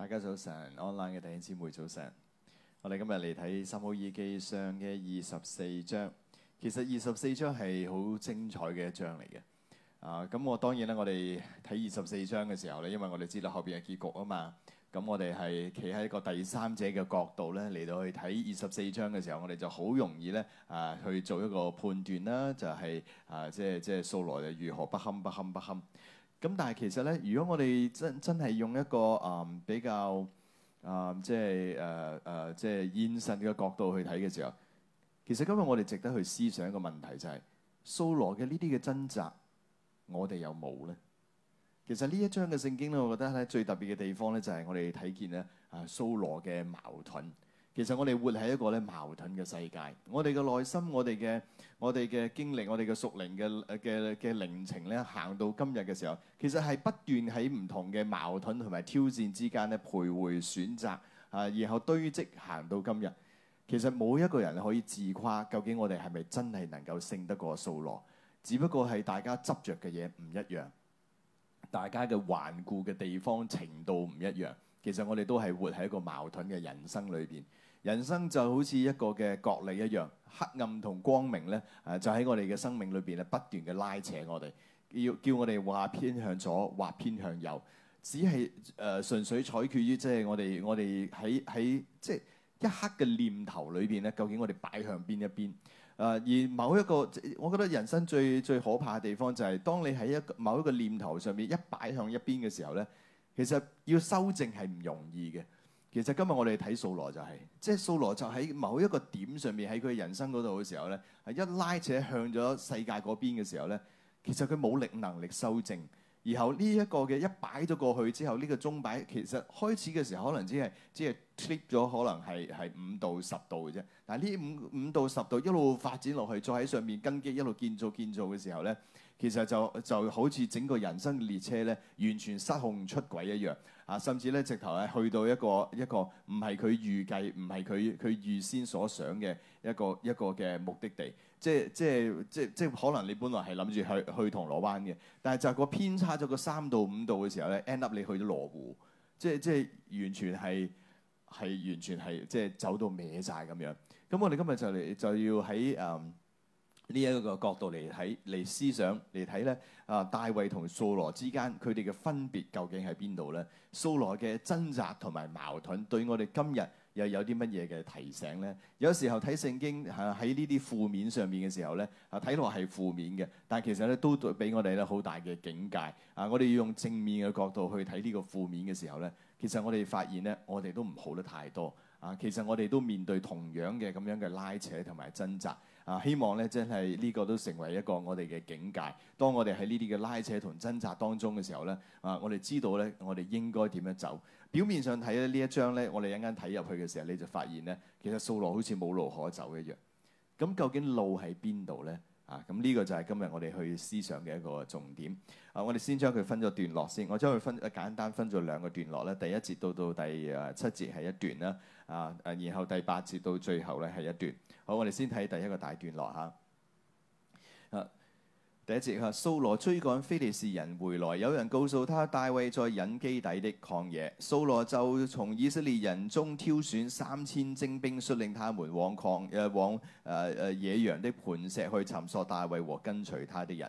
大家早晨，Online 嘅弟兄姊妹早晨，我哋今日嚟睇《撒母耳記》上嘅二十四章。其實二十四章係好精彩嘅一章嚟嘅。啊，咁我當然啦，我哋睇二十四章嘅時候咧，因為我哋知道後邊嘅結局啊嘛。咁我哋係企喺一個第三者嘅角度咧，嚟到去睇二十四章嘅時候，我哋就好容易咧啊去做一個判斷啦。就係、是、啊，即係即係掃羅如何不堪不堪不堪。咁但係其實咧，如果我哋真真係用一個誒、呃、比較誒、呃呃呃呃、即係誒誒即係現實嘅角度去睇嘅時候，其實今日我哋值得去思想一個問題就係、是，掃羅嘅呢啲嘅掙扎，我哋有冇咧？其實呢一章嘅聖經咧，我覺得咧最特別嘅地方咧就係我哋睇見咧啊掃羅嘅矛盾。其實我哋活喺一個咧矛盾嘅世界，我哋嘅內心、我哋嘅我哋嘅經歷、我哋嘅熟齡嘅嘅嘅靈程咧，行到今日嘅時候，其實係不斷喺唔同嘅矛盾同埋挑戰之間咧徘徊選擇，啊，然後堆積行到今日。其實冇一個人可以自誇，究竟我哋係咪真係能夠勝得過掃羅？只不過係大家執着嘅嘢唔一樣，大家嘅頑固嘅地方程度唔一樣。其實我哋都係活喺一個矛盾嘅人生裏邊。人生就好似一個嘅角力一樣，黑暗同光明咧，誒、呃、就喺我哋嘅生命裏邊咧不斷嘅拉扯我哋，要叫，叫我哋話偏向左，話偏向右，只係誒純粹採決於即係我哋我哋喺喺即係一刻嘅念頭裏邊咧，究竟我哋擺向邊一邊？誒、呃、而某一個，我覺得人生最最可怕嘅地方就係、是，當你喺一某一個念頭上面一擺向一邊嘅時候咧，其實要修正係唔容易嘅。其實今日我哋睇掃羅就係，即係掃羅就喺某一個點上面喺佢人生嗰度嘅時候呢，係一拉扯向咗世界嗰邊嘅時候呢，其實佢冇力能力修正。然後呢一個嘅一擺咗過去之後，呢個鐘擺其實開始嘅時候可能只係只係 tick 咗，可能係係五到十度嘅啫。但係呢五五到十度一路發展落去，再喺上面根基一路建造建造嘅時候咧，其實就就好似整個人生列車咧，完全失控出軌一樣啊！甚至咧直頭係去到一個一個唔係佢預計、唔係佢佢預先所想嘅一個一個嘅目的地。即係即係即係即係可能你本來係諗住去去銅鑼灣嘅，但係就個偏差咗個三到五度嘅時候咧，end up 你去咗羅湖，即係即係完全係係完全係即係走到歪晒咁樣。咁我哋今日就嚟就要喺誒呢一個角度嚟睇嚟思想嚟睇咧，啊大、呃、衛同掃羅之間佢哋嘅分別究竟喺邊度咧？掃羅嘅掙扎同埋矛盾對我哋今日，又有啲乜嘢嘅提醒呢？有時候睇聖經喺呢啲負面上面嘅時候呢，睇落係負面嘅，但其實呢，都對俾我哋呢好大嘅警戒。啊，我哋要用正面嘅角度去睇呢個負面嘅時候呢，其實我哋發現呢，我哋都唔好得太多啊。其實我哋都面對同樣嘅咁樣嘅拉扯同埋掙扎啊。希望呢，真係呢個都成為一個我哋嘅警戒。當我哋喺呢啲嘅拉扯同掙扎當中嘅時候呢，啊，我哋知道呢，我哋應該點樣走。表面上睇咧呢一章咧，我哋一陣睇入去嘅時候，你就發現咧，其實掃羅好似冇路可走一樣。咁究竟路喺邊度咧？啊，咁、這、呢個就係今日我哋去思想嘅一個重點。啊，我哋先將佢分咗段落先，我將佢分簡單分咗兩個段落咧。第一節到到第誒七節係一段啦，啊誒，然後第八節到最後咧係一段。好，我哋先睇第一個大段落嚇。啊第一節哈，掃羅追趕非利士人回來，有人告訴他大衛在隱基底的曠野，掃羅就從以色列人中挑選三千精兵，率領他們往曠誒、呃、往誒誒、呃呃、野羊的磐石去尋索大衛和跟隨他的人。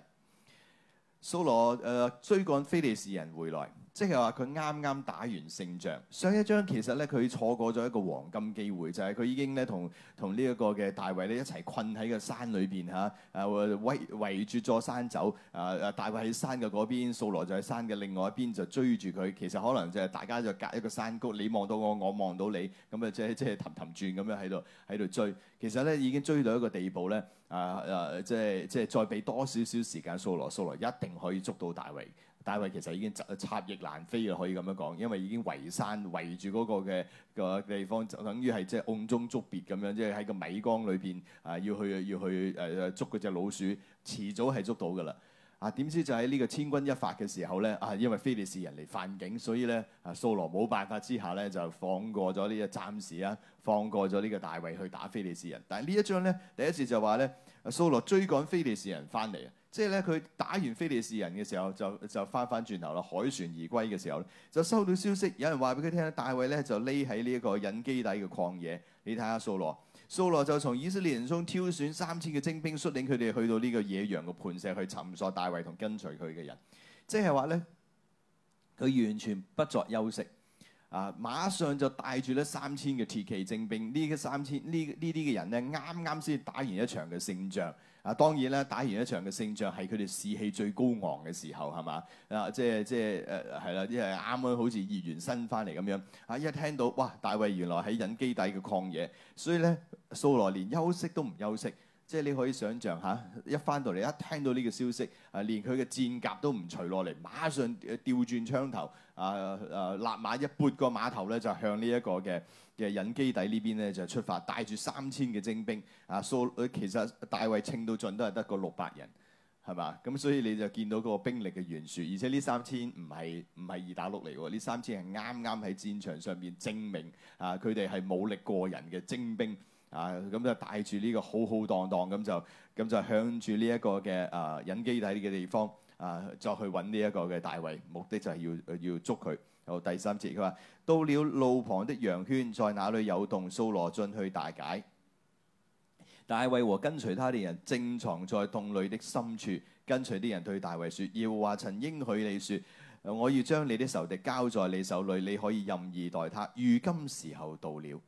掃羅誒追趕非利士人回來。即係話佢啱啱打完勝仗，上一章其實咧佢錯過咗一個黃金機會，就係、是、佢已經咧同同呢一個嘅大衛咧一齊困喺個山裏邊嚇，誒、啊、圍圍住座山走，誒、啊、誒大衛喺山嘅嗰邊，掃羅就喺山嘅另外一邊就追住佢。其實可能就係大家就隔一個山谷，你望到我，我望到你，咁啊即係即係氹氹轉咁樣喺度喺度追。其實咧已經追到一個地步咧，啊啊即係即係再俾多少少時間掃羅，掃羅一定可以捉到大衛。大衛其實已經插翼難飛啦，可以咁樣講，因為已經圍山圍住嗰個嘅個地方，就等於係即係甕中捉鱉咁樣，即係喺個米缸裏邊啊，要去要去誒捉嗰隻老鼠，遲早係捉到噶啦。啊，點知就喺呢個千鈞一髮嘅時候咧，啊，因為非利士人嚟犯境，所以咧啊，掃羅冇辦法之下咧，就放過咗呢個暫時啊，放過咗呢個大衛去打非利士人。但係呢一章咧，第一次就話咧，掃羅追趕非利士人返嚟即係咧，佢打完非利士人嘅時候，就就返返轉頭啦，凱旋而歸嘅時候，就收到消息，有人話俾佢聽，大衛咧就匿喺呢一個隱基底嘅曠野。你睇下掃羅，掃羅就從以色列人中挑選三千嘅精兵，率領佢哋去到呢個野羊嘅磐石去尋索大衛同跟隨佢嘅人。即係話咧，佢完全不作休息，啊，馬上就帶住咧三千嘅鐵騎精兵，3, 000, 呢三千呢呢啲嘅人咧，啱啱先打完一場嘅勝仗。啊，當然咧，打完一場嘅勝仗係佢哋士氣最高昂嘅時候，係嘛？啊、就是，即係即係誒，係、呃、啦，啲係啱啱好似義援新翻嚟咁樣，啊，一聽到哇，大衛原來喺隱基底嘅曠野，所以咧，掃羅連休息都唔休息，即係你可以想像嚇，一翻到嚟一聽到呢個消息，啊，連佢嘅戰甲都唔除落嚟，馬上調轉槍頭，啊啊，立馬一撥個碼頭咧就向呢一個嘅。就係隱基底邊呢邊咧，就出發帶住三千嘅精兵啊！所其實大衛稱到盡都係得個六百人，係嘛？咁所以你就見到個兵力嘅懸殊，而且呢三千唔係唔係二打六嚟喎，呢三千係啱啱喺戰場上邊證明啊！佢哋係武力過人嘅精兵啊！咁就帶住呢個浩浩蕩蕩咁就咁就向住呢一個嘅啊隱基底嘅地方啊，再去揾呢一個嘅大衛，目的就係要要捉佢。好第三節，佢話，到了路旁的羊圈，在那裏有洞，掃羅進去大解。大衛和跟隨他的人正藏在洞裏的深處，跟隨啲人對大衛說，要話，曾應許你說，我要將你的仇敵交在你手裏，你可以任意待他。如今時候到了，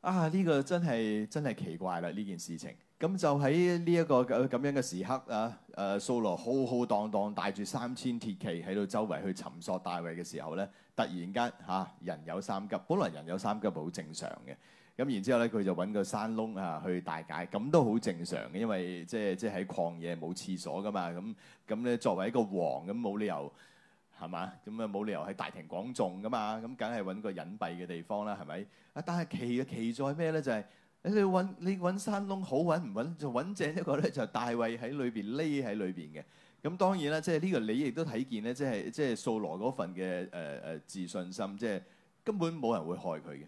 啊！呢個真係真係奇怪啦，呢件事情。咁就喺呢一個咁、呃、樣嘅時刻啊，誒、呃，掃羅浩浩蕩蕩帶住三千鐵騎喺度周圍去尋索大衛嘅時候咧，突然間嚇、啊、人有三急，本來人有三急好正常嘅。咁然之後咧，佢就揾個山窿啊去大解，咁都好正常嘅，因為即係即係喺曠野冇廁所噶嘛。咁咁咧作為一個王咁冇理由係嘛？咁啊冇理由喺大庭廣眾噶嘛，咁梗係揾個隱蔽嘅地方啦，係咪？啊，但係奇嘅奇在咩咧？就係、是。你揾你揾山窿好揾唔揾？就揾正一個咧，就大衛喺裏邊匿喺裏邊嘅。咁當然啦，即係呢個你亦都睇見咧，即係即係掃羅嗰份嘅誒誒自信心，即係根本冇人會害佢嘅。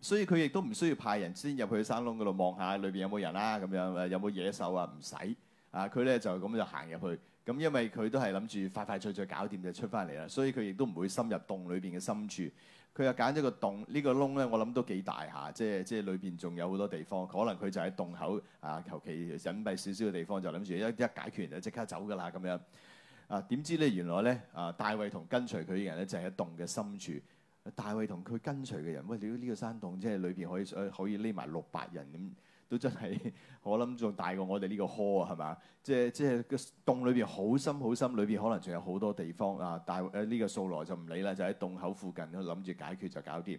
所以佢亦都唔需要派人先入去山窿嗰度望下裏邊有冇人啦、啊，咁樣有冇野獸啊？唔使啊！佢咧就咁就行入去。咁因為佢都係諗住快快脆脆搞掂就出翻嚟啦，所以佢亦都唔會深入洞裏邊嘅深處。佢又揀咗個洞，這個、洞呢個窿咧，我諗都幾大下，即係即係裏邊仲有好多地方，可能佢就喺洞口啊，求其隱蔽少少嘅地方就諗住一一解決完就即刻走㗎啦咁樣。啊，點知咧原來咧啊，大衛同跟隨佢嘅人咧就喺、是、洞嘅深處。大衛同佢跟隨嘅人，喂，你、這、呢個山洞即係裏邊可以可以匿埋六百人咁。都真係，我諗仲大過我哋呢個科啊，係咪？即係即係個洞裏邊好深好深，裏邊可能仲有好多地方啊！大誒呢個掃羅就唔理啦，就喺、是、洞口附近，諗住解決就搞掂。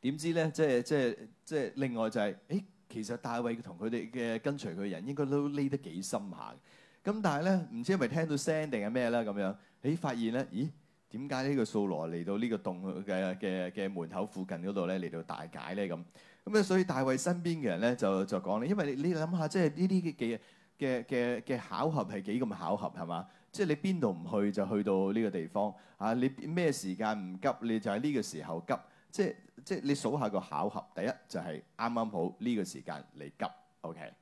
點知咧？即係即係即係另外就係、是，誒、欸、其實大衛同佢哋嘅跟隨佢人應該都匿得幾深下嘅。咁但係咧，唔知係咪聽到聲定係咩咧？咁樣誒發現咧，咦點解呢個掃羅嚟到呢個洞嘅嘅嘅門口附近嗰度咧，嚟到大解咧咁？咁啊，所以大衛身邊嘅人咧，就就講咧，因為你你諗下，即係呢啲嘅嘅嘅嘅巧合係幾咁巧合係嘛？即係你邊度唔去就去到呢個地方啊？你咩時間唔急，你就喺呢個時候急。即係即係你數下個巧合，第一就係啱啱好呢個時間嚟急。OK，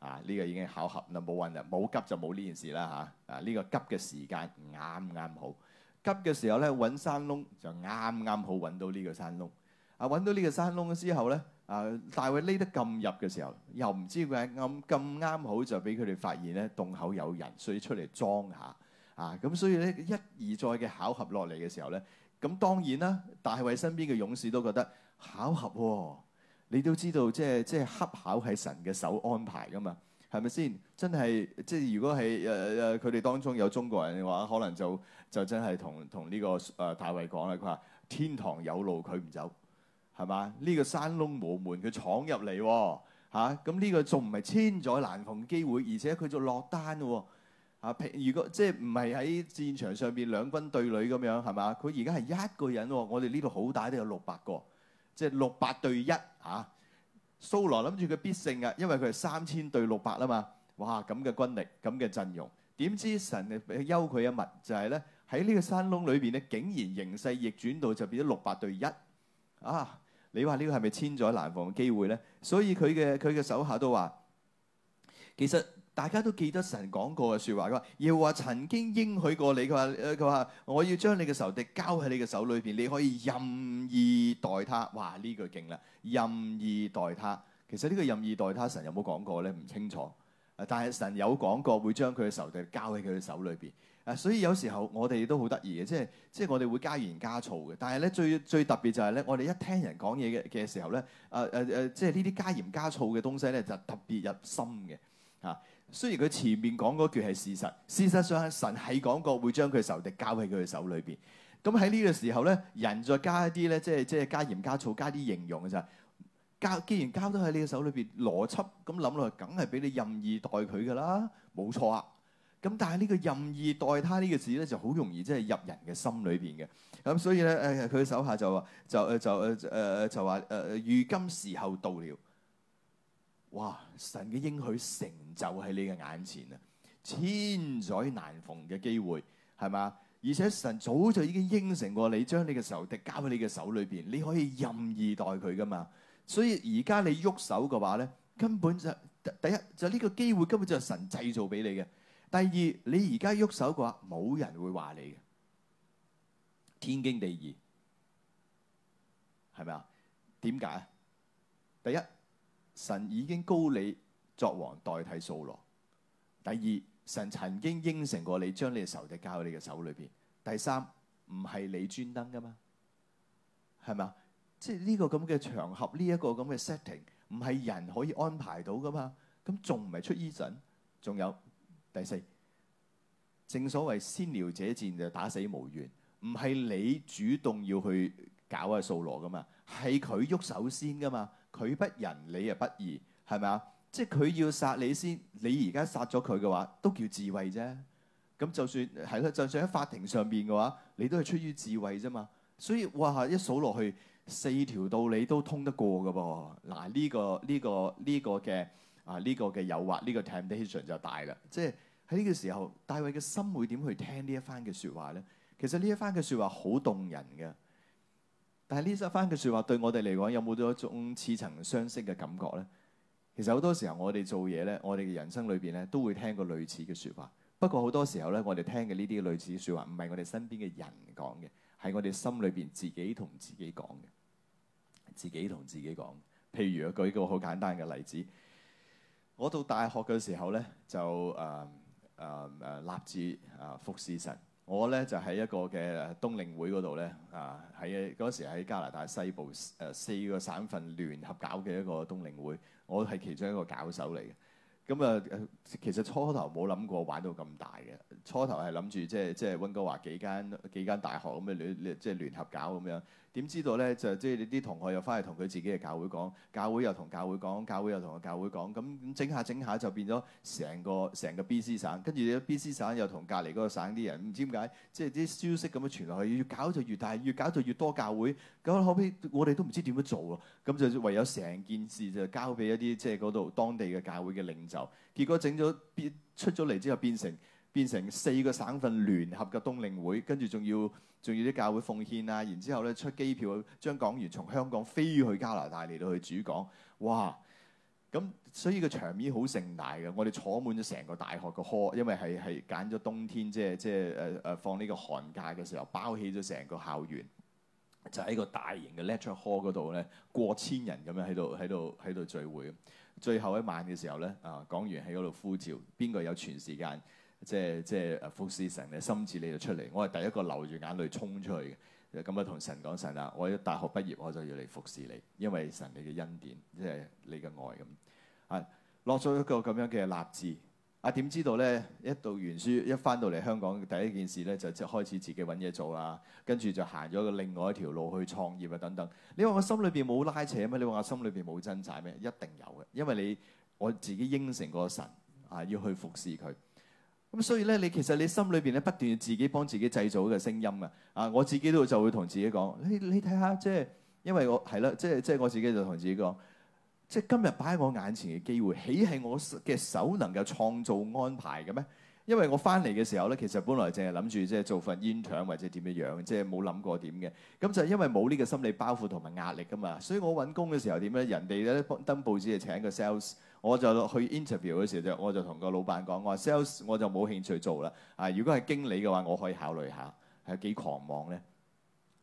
啊呢個已經巧合，嗱冇揾就冇急就冇呢件事啦吓。啊呢個急嘅時間啱啱好，急嘅時候咧揾山窿就啱啱好揾到呢個山窿。啊揾到呢個山窿嘅之後咧。啊！大衛匿得咁入嘅時候，又唔知佢係咁咁啱好就俾佢哋發現咧，洞口有人，所以出嚟裝下啊！咁所以咧一而再嘅巧合落嚟嘅時候咧，咁當然啦，大衛身邊嘅勇士都覺得巧合，哦，你都知道即係即係恰巧係神嘅手安排噶嘛，係咪先？真係即係如果係誒誒佢哋當中有中國人嘅話，可能就就真係同同呢個誒大衛講咧，佢、呃、話、呃呃、天堂有路佢唔走。係嘛？呢個山窿無門，佢闖入嚟喎。咁呢個仲唔係千載難逢機會？而且佢仲落單喎、哦。啊，如果即係唔係喺戰場上邊兩軍對壘咁樣係嘛？佢而家係一個人、哦。我哋呢度好大都有六百個，即係六百對一嚇、啊。掃羅諗住佢必勝㗎，因為佢係三千對六百啊嘛。哇！咁嘅軍力，咁嘅陣容，點知神啊幽佢一默就係咧喺呢個山窿裏邊咧，竟然形勢逆轉到就變咗六百對一啊！你話呢個係咪千載難逢嘅機會咧？所以佢嘅佢嘅手下都話：其實大家都記得神講過嘅説話，佢話耶和華曾經應許過你，佢話佢話我要將你嘅仇敵交喺你嘅手裏邊，你可以任意待他。哇！呢句勁啦，任意待他。其實呢個任意待他，神有冇講過咧？唔清楚。但係神有講過會將佢嘅仇敵交喺佢嘅手裏邊。啊，所以有時候我哋都好得意嘅，即係即係我哋會加鹽加醋嘅。但係咧最最特別就係咧，我哋一聽人講嘢嘅嘅時候咧，啊啊啊，即係呢啲加鹽加醋嘅東西咧，就特別入心嘅。啊，雖然佢前面講嗰句係事實，事實上神係講過會將佢嘅仇敵交喺佢嘅手裏邊。咁喺呢個時候咧，人再加一啲咧，即係即係加鹽加醋加啲形容嘅就。交既然交咗喺你嘅手裏邊，邏輯咁諗落梗係俾你任意待佢噶啦，冇錯啊。咁但係呢個任意待他呢個字咧，就好容易即係入人嘅心裏邊嘅。咁、嗯、所以咧，誒、呃、佢手下就話就誒就誒誒、呃、就話誒，如、呃、今時候到了，哇！神嘅應許成就喺你嘅眼前啊，千載難逢嘅機會係嘛？而且神早就已經應承過你，將你嘅仇敵交喺你嘅手裏邊，你可以任意待佢噶嘛？所以而家你喐手嘅話咧，根本就是、第一就呢、是、個機會根本就係神製造俾你嘅。第二，你而家喐手嘅話，冇人會話你嘅，天經地義，係咪啊？點解啊？第一，神已經膏你作王代替掃羅；第二，神曾經應承過你，將你嘅仇敵交喺你嘅手裏邊；第三，唔係你專登噶嘛，係咪啊？即係呢個咁嘅場合，呢一個咁嘅 setting 唔係人可以安排到噶嘛？咁仲唔係出呢陣？仲有第四，正所謂先撩者戰就打死無緣，唔係你主動要去搞阿掃羅噶嘛，係佢喐手先噶嘛。佢不仁，你啊不義，係咪啊？即係佢要殺你先，你而家殺咗佢嘅話，都叫智慧啫。咁就算係啦，就算喺法庭上邊嘅話，你都係出於智慧啫嘛。所以哇，一數落去。四條道理都通得過㗎噃，嗱、啊、呢、這個呢、這個呢、這個嘅啊呢、這個嘅誘惑，呢、這個 temptation 就大啦。即係喺呢個時候，大衛嘅心會點去聽一番呢一番嘅説話咧？其實呢一番嘅説話好動人嘅，但係呢一番嘅説話對我哋嚟講有冇到一種似曾相識嘅感覺咧？其實好多時候我哋做嘢咧，我哋嘅人生裏邊咧都會聽過類似嘅説話。不過好多時候咧，我哋聽嘅呢啲類似説話唔係我哋身邊嘅人講嘅，係我哋心裏邊自己同自己講嘅。自己同自己講，譬如舉個好簡單嘅例子，我到大學嘅時候咧就誒誒誒立志啊服侍神，我咧就喺一個嘅冬令會嗰度咧啊，喺嗰時喺加拿大西部誒四個省份聯合搞嘅一個冬令會，我係其中一個搞手嚟嘅。咁、嗯、啊其實初頭冇諗過玩到咁大嘅，初頭係諗住即係即係溫哥華幾間幾間大學咁樣聯聯即係聯合搞咁樣。點知道咧？就即係你啲同學又翻去同佢自己嘅教會講，教會又同教會講，教會又同個教會講，咁咁整下整下就變咗成個成個 BC 省，跟住 BC 省又同隔離嗰個省啲人唔知點解，即係啲消息咁樣傳落去，越搞就越大，越搞就越多教會。咁後尾我哋都唔知點樣做喎，咁就唯有成件事就交俾一啲即係嗰度當地嘅教會嘅領袖。結果整咗變出咗嚟之後，變成變成四個省份聯合嘅冬令會，跟住仲要。仲要啲教會奉獻啊，然之後咧出機票，將講員從香港飛去加拿大嚟到去主講。哇！咁所以個場面好盛大嘅，我哋坐滿咗成個大學個 hall，因為係係揀咗冬天，即係即係誒誒放呢個寒假嘅時候，包起咗成個校園，就喺個大型嘅 lecture hall 嗰度咧，過千人咁樣喺度喺度喺度聚會。最後一晚嘅時候咧，啊、呃，講員喺嗰度呼召，邊個有全時間？即係即係服侍神咧，心志你就出嚟。我係第一個流住眼淚衝出去嘅咁啊！同神講：神啊，我一大學畢業我就要嚟服侍你，因為神你嘅恩典，即係你嘅愛咁啊。落咗一個咁樣嘅立志啊，點知道咧？一讀完書一翻到嚟香港，第一件事咧就就開始自己揾嘢做啦。啊，跟住就行咗個另外一條路去創業啊，等等。你話我心裏邊冇拉扯咩？你話我心裏邊冇掙扎咩？一定有嘅，因為你我自己應承過神啊，要去服侍佢。咁所以咧，你其實你心裏邊咧不斷自己幫自己製造個聲音啊！我自己都就會同自己講，你睇下，即係因為我係啦，即係即係我自己就同自己講，即係今日擺喺我眼前嘅機會，起係我嘅手能夠創造安排嘅咩？因為我翻嚟嘅時候咧，其實本來淨係諗住即係做份煙腸或者點樣樣，即係冇諗過點嘅。咁就因為冇呢個心理包袱同埋壓力噶嘛，所以我揾工嘅時候點咧，人哋咧登報紙係請個 sales。我就去 interview 嗰時就，我就同個老闆講，我話 sales 我就冇興趣做啦，啊，如果係經理嘅話，我可以考慮下，係幾狂妄咧？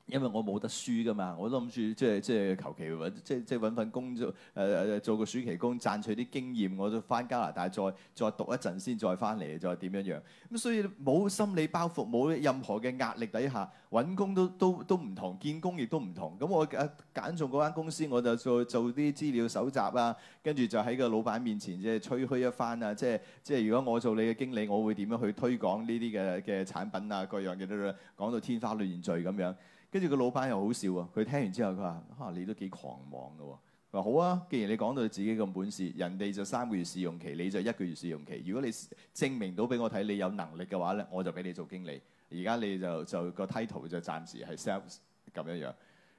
因為我冇得輸噶嘛，我都諗住即係即係求其揾即係即係揾份工作，誒、呃、誒做個暑期工賺取啲經驗，我就翻加拿大再再讀一陣先再翻嚟，再點樣樣咁、嗯，所以冇心理包袱，冇任何嘅壓力底下揾工都都都唔同，見工亦都唔同。咁、嗯、我揀揀、啊、中嗰間公司，我就做做啲資料搜集啊，跟住就喺個老闆面前即係、就是、吹噓一番啊，即係即係如果我做你嘅經理，我會點樣去推廣呢啲嘅嘅產品啊，各樣嘅嘅講到天花亂墜咁樣。跟住個老闆又好笑啊！佢聽完之後，佢話：嚇、啊、你都幾狂妄噶喎！話好啊，既然你講到自己咁本事，人哋就三個月試用期，你就一個月試用期。如果你證明到俾我睇你有能力嘅話咧，我就俾你做經理。而家你就就，就個 title 就暫時係 sales 咁樣樣。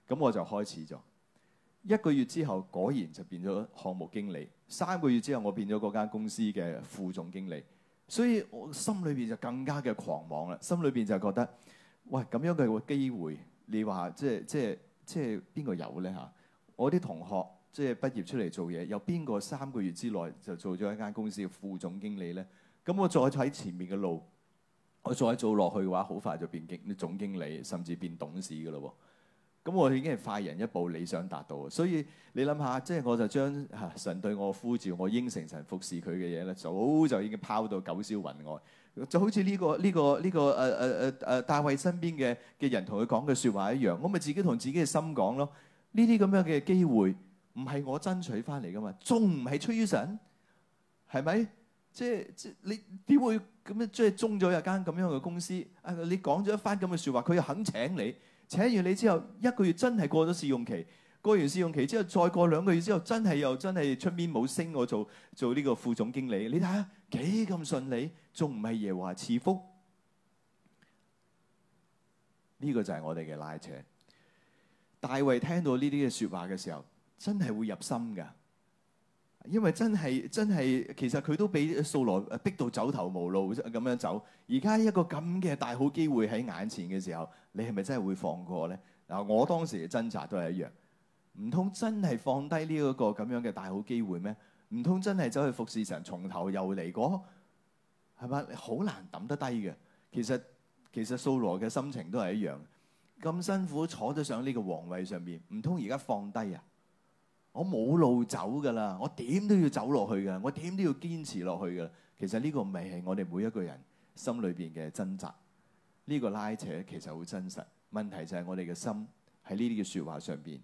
咁我就開始咗一個月之後，果然就變咗項目經理。三個月之後，我變咗嗰間公司嘅副總經理。所以我心裏邊就更加嘅狂妄啦，心裏邊就覺得：喂，咁樣嘅機會！你話即係即係即係邊個有咧嚇？我啲同學即係畢業出嚟做嘢，有邊個三個月之內就做咗一間公司嘅副總經理咧？咁我再睇前面嘅路，我再做落去嘅話，好快就變經總經理，甚至變董事噶咯喎。咁我已經係快人一步理想達到。所以你諗下，即係我就將神對我呼召，我應承神服侍佢嘅嘢咧，早就已經拋到九霄雲外。就好似呢、呢個呢、呢個呢、呢個誒誒誒誒，大、uh, 衛、uh, uh, 身邊嘅嘅人同佢講嘅説話一樣，我咪自己同自己嘅心講咯。呢啲咁樣嘅機會，唔係我爭取翻嚟噶嘛，仲唔係出於神，係咪？即係即係你點會咁樣？即係中咗一間咁樣嘅公司，啊！你講咗一番咁嘅説話，佢又肯請你。請完你之後，一個月真係過咗試用期。過完試用期之後，再過兩個月之後，真係又真係出面冇升我做做呢個副總經理。你睇下幾咁順利，仲唔係耶華賜福？呢個就係我哋嘅拉扯。大衛聽到呢啲嘅説話嘅時候，真係會入心噶，因為真係真係其實佢都俾掃羅逼到走投無路咁樣走。而家一個咁嘅大好機會喺眼前嘅時候，你係咪真係會放過咧？嗱，我當時嘅掙扎都係一樣。唔通真係放低呢一個咁樣嘅大好機會咩？唔通真係走去服侍神，從頭又嚟過係咪？好難抌得低嘅。其實其實掃羅嘅心情都係一樣，咁辛苦坐咗上呢個皇位上邊，唔通而家放低啊？我冇路走噶啦，我點都要走落去噶，我點都要堅持落去噶。其實呢個咪係我哋每一個人心裏邊嘅掙扎，呢個拉扯其實好真實。問題就係我哋嘅心喺呢啲嘅說話上邊。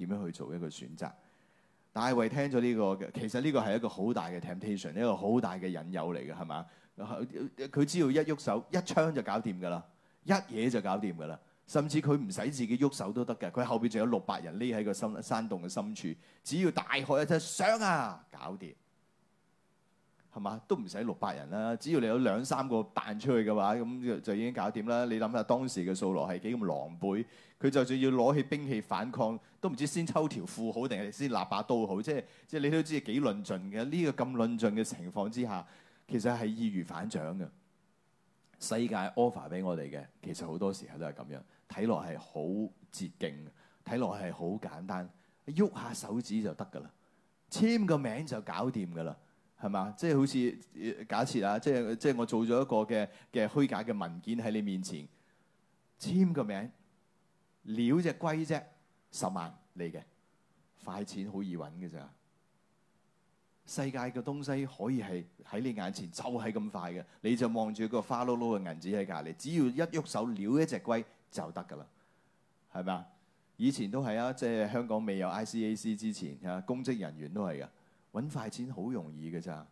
點樣去做一個選擇？大衛聽咗呢個嘅，其實呢個係一個好大嘅 temptation，一個好大嘅引誘嚟嘅，係嘛？佢只要一喐手，一槍就搞掂㗎啦，一嘢就搞掂㗎啦，甚至佢唔使自己喐手都得嘅，佢後邊仲有六百人匿喺個深山洞嘅深處，只要大開一隻箱啊，搞掂！係嘛？都唔使六百人啦，只要你有兩三個彈出去嘅話，咁就就已經搞掂啦。你諗下當時嘅掃羅係幾咁狼狽，佢就算要攞起兵器反抗，都唔知先抽條褲好定係先立把刀好，即係即係你都知幾論盡嘅呢、這個咁論盡嘅情況之下，其實係易如反掌嘅。世界 offer 俾我哋嘅。其實好多時候都係咁樣，睇落係好捷徑，睇落係好簡單，喐下手指就得㗎啦，簽個名就搞掂㗎啦。係嘛？即係好似假設啊，即係即係我做咗一個嘅嘅虛假嘅文件喺你面前簽個名，撩隻龜啫，十萬你嘅快錢好易揾嘅咋？世界嘅東西可以係喺你眼前就係咁快嘅，你就望住個花碌碌嘅銀紙喺隔離，只要一喐手撩一隻龜就得㗎啦，係咪啊？以前都係啊，即係香港未有 ICAC 之前啊，公職人員都係㗎。揾快錢好容易嘅咋？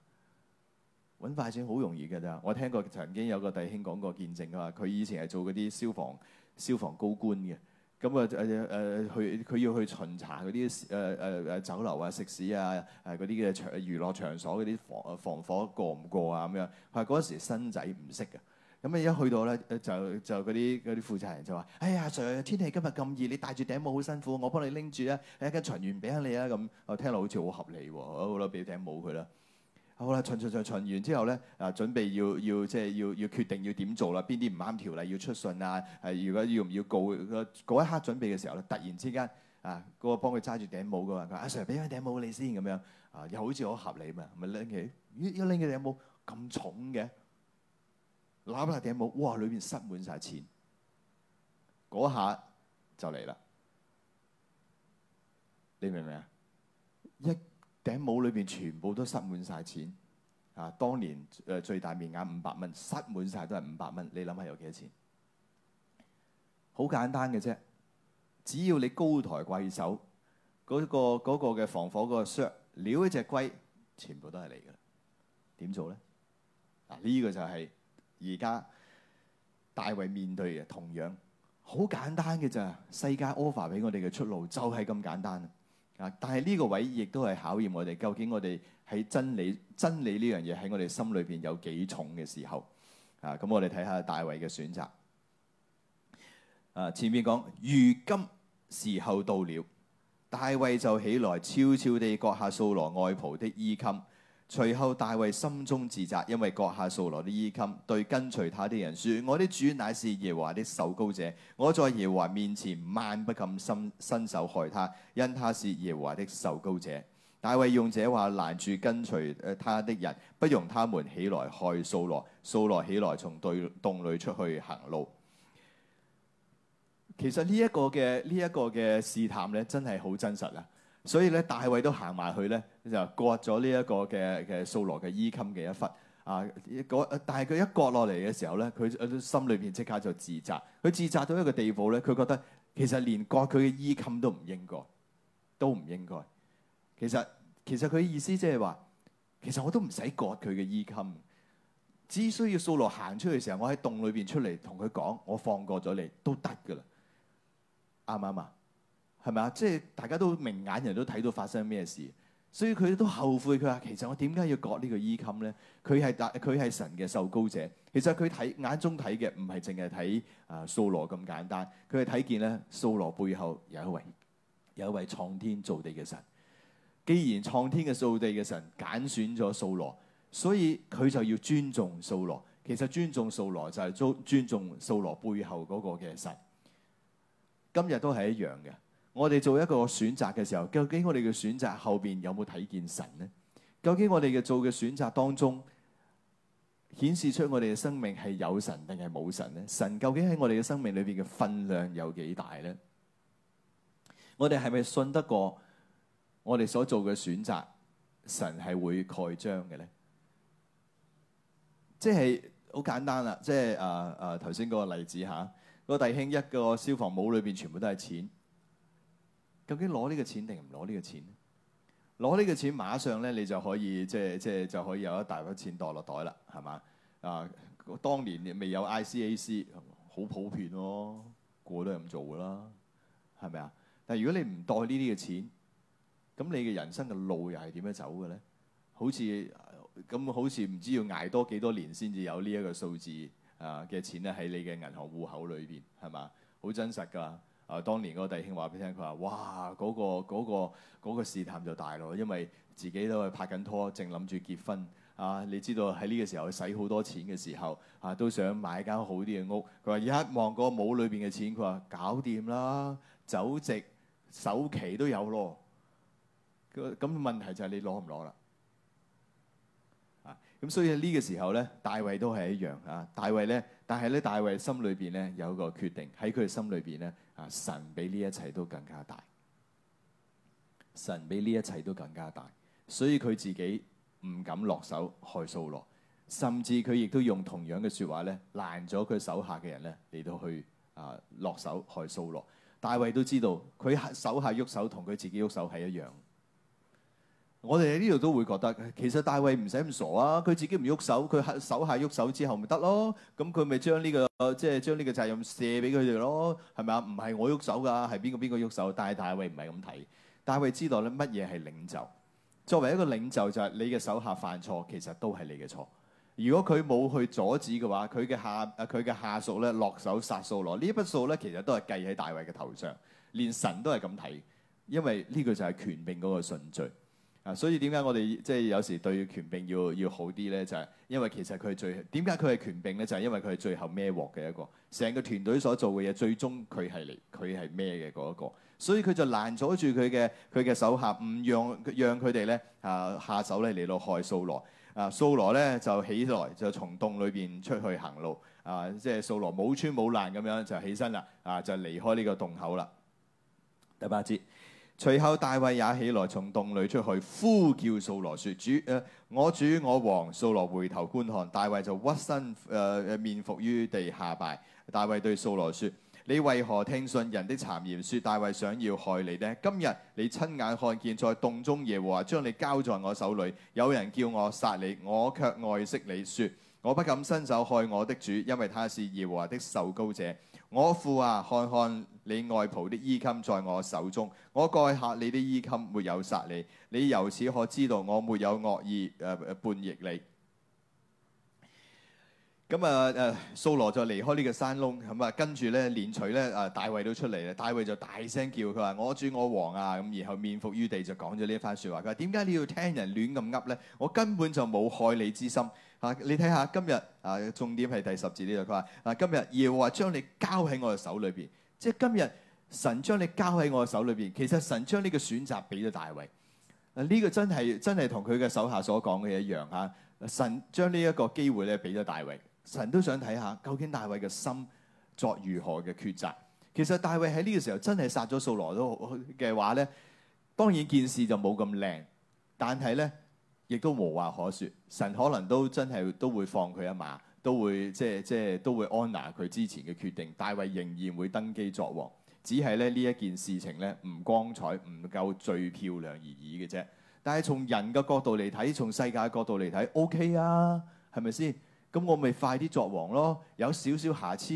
揾快錢好容易嘅咋？我聽過曾經有個弟兄講過見證嘅，佢話佢以前係做嗰啲消防消防高官嘅。咁啊誒誒去佢要去巡查嗰啲誒誒誒酒樓啊食肆啊誒嗰啲嘅場娛樂場所嗰啲防防火過唔過啊咁樣，佢話嗰時新仔唔識嘅。咁你一去到咧，就就嗰啲啲負責人就話：哎呀，Sir，天氣今日咁熱，你戴住頂帽好辛苦，我幫你拎住啊，係一陣巡完俾下你啊，咁，我聽落好似好合理喎，好啦，俾頂帽佢啦。好啦，巡巡巡巡完之後咧，啊，準備要要即係要要決定要點做啦，邊啲唔啱條例要出信啊？係如果要唔要告？嗰一刻準備嘅時候咧，突然之間啊，嗰個幫佢揸住頂帽嘅話，佢阿 Sir，俾翻頂帽你先咁樣，啊，啊 Sir，又好似好合理嘛，咪拎起，咦，一拎佢頂帽咁重嘅？攬下頂帽，哇！裏面塞滿晒錢，嗰下就嚟啦。你明唔明啊？一頂帽裏面全部都塞滿晒錢啊！當年誒最大面額五百蚊，塞滿晒都係五百蚊。你諗下有幾多錢？好簡單嘅啫，只要你高抬貴手，嗰、那個嘅、嗰個、防火嗰、嗰個箱，撩一隻龜，全部都係嚟嘅。點做咧？嗱、啊，呢、呢個就係、係。而家大衛面對嘅同樣好簡單嘅咋。世界 offer 俾我哋嘅出路就係咁簡單啊！但係呢個位亦都係考驗我哋，究竟我哋喺真理真理呢樣嘢，喺我哋心裏邊有幾重嘅時候啊？咁我哋睇下大衛嘅選擇啊！前面講，如今時候到了，大衛就起來，悄悄地割下掃羅外袍的衣襟。隨後大衛心中自責，因為割下掃羅的衣襟，對跟隨他的人說：我的主乃是耶和華的受膏者，我在耶和華面前萬不敢伸伸手害他，因他是耶和華的受膏者。大衛用這話攔住跟隨他的人，不容他們起來害掃羅。掃羅起來從洞裏出去行路。其實呢一個嘅呢一個嘅試探呢，真係好真實啊！所以咧，大衛都行埋去咧，就割咗呢一個嘅嘅掃羅嘅衣襟嘅一忽啊，割，但係佢一割落嚟嘅時候咧，佢心裏邊即刻就自責。佢自責到一個地步咧，佢覺得其實連割佢嘅衣襟都唔應該，都唔應該。其實其實佢意思即係話，其實我都唔使割佢嘅衣襟，只需要掃羅行出去嘅時候，我喺洞裏邊出嚟同佢講，我放過咗你都得㗎喇，啱唔啱啊？係咪啊？即係大家都明眼人都睇到發生咩事，所以佢都後悔。佢話其實我點解要割呢個衣襟咧？佢係大，佢係神嘅受膏者。其實佢睇眼中睇嘅唔係淨係睇啊掃羅咁簡單，佢係睇見咧掃羅背後有一位，有一位創天造地嘅神。既然創天嘅造地嘅神揀選咗掃羅，所以佢就要尊重掃羅。其實尊重掃羅就係尊尊重掃羅背後嗰個嘅神。今日都係一樣嘅。我哋做一個選擇嘅時候，究竟我哋嘅選擇後邊有冇睇見神呢？究竟我哋嘅做嘅選擇當中，顯示出我哋嘅生命係有神定係冇神呢？神究竟喺我哋嘅生命裏邊嘅分量有幾大呢？我哋係咪信得過我哋所做嘅選擇？神係會蓋章嘅呢？即係好簡單啦，即係誒誒，頭先嗰個例子吓，啊嗰個弟兄一個消防帽裏邊全部都係錢。究竟攞呢個錢定唔攞呢個錢呢？攞呢個錢馬上咧，你就可以即係即係就可以有一大筆錢袋落袋啦，係嘛？啊，當年未有 ICAC，好普遍咯，啊，個個都係咁做噶啦，係咪啊？但係如果你唔袋呢啲嘅錢，咁你嘅人生嘅路又係點樣走嘅咧？好似咁、啊、好似唔知要捱多幾多年先至有呢一個數字啊嘅錢咧喺你嘅銀行戶口裏邊，係嘛？好真實㗎。啊！當年個弟兄話俾你聽，佢話：哇！嗰個嗰個嗰個試探就大咯，因為自己都係拍緊拖，正諗住結婚啊。你知道喺呢個時候使好多錢嘅時候啊，都想買間好啲嘅屋。佢話而家望個帽裏邊嘅錢，佢話搞掂啦，酒席首期都有咯。咁問題就係你攞唔攞啦啊？咁所以呢個時候咧，大衛都係一樣啊。大衛咧，但係咧，大衛心裏邊咧有一個決定喺佢嘅心裏邊咧。啊！神比呢一切都更加大，神比呢一切都更加大，所以佢自己唔敢落手害掃羅，甚至佢亦都用同樣嘅說話咧，攔咗佢手下嘅人咧嚟到去啊落手害掃羅。大衛都知道，佢手下喐手同佢自己喐手係一樣。我哋喺呢度都會覺得其實大衛唔使咁傻啊！佢自己唔喐手，佢手下喐手之後咪得咯。咁佢咪將呢個即係將呢個責任卸俾佢哋咯，係咪啊？唔係我喐手噶，係邊個邊個喐手？但係大衛唔係咁睇，大衛知道咧乜嘢係領袖。作為一個領袖就係、是、你嘅手下犯錯，其實都係你嘅錯。如果佢冇去阻止嘅話，佢嘅下啊佢嘅下屬咧落手殺掃羅，一筆數呢筆數咧，其實都係計喺大衛嘅頭上，連神都係咁睇，因為呢個就係權柄嗰個順序。所以點解我哋即係有時對權柄要要好啲咧？就係因為其實佢最點解佢係權柄咧？就係因為佢係最後孭鍋孭鑊嘅一個，成個團隊所做嘅嘢，最終佢係嚟，佢係孭嘅嗰一個。所以佢就攔阻住佢嘅佢嘅手下，唔讓讓佢哋咧啊下手咧嚟到害掃羅。啊，掃羅咧就起來，就從洞裏邊出去行路。啊，即係掃羅冇穿冇爛咁樣就起身啦。啊，就離開呢個洞口啦。第八節。隨後大衛也起來，從洞裏出去，呼叫掃羅說：主，呃、我主我王。掃羅回頭觀看，大衛就屈身，誒、呃、誒，面伏於地下拜。大衛對掃羅說：你為何聽信人的讒言，說大衛想要害你呢？今日你親眼看見，在洞中耶和華將你交在我手裏，有人叫我殺你，我卻愛惜你說，我不敢伸手害我的主，因為他是耶和華的受膏者。我父啊，看看你外袍的衣襟在我手中，我蓋下你的衣襟，沒有殺你。你由此可知道我沒有惡意誒、呃、叛逆你。咁啊誒，掃、呃、羅就離開呢個山窿，咁啊跟住咧，連隨咧誒大衛都出嚟啦。大衛就大聲叫佢話：我主我王啊！咁然後面伏於地就講咗呢一番說話。佢話：點解你要聽人亂咁噏咧？我根本就冇害你之心。啊，你睇下今日啊，重點係第十節呢度，佢話啊，今日耶和華將你交喺我嘅手裏邊，即係今日神將你交喺我嘅手裏邊。其實神將呢個選擇俾咗大衛，呢、啊這個真係真係同佢嘅手下所講嘅一樣吓、啊。神將呢一個機會咧俾咗大衛，神都想睇下究竟大衛嘅心作如何嘅抉擇。其實大衛喺呢個時候真係殺咗掃羅都嘅話咧，當然件事就冇咁靚，但係咧。亦都無話可説，神可能都真係都會放佢一馬，都會即係即係都會 honor 佢之前嘅決定。大衛仍然會登基作王，只係咧呢一件事情咧唔光彩，唔夠最漂亮而已嘅啫。但係從人嘅角度嚟睇，從世界角度嚟睇，OK 啊，係咪先？咁我咪快啲作王咯，有少少瑕疵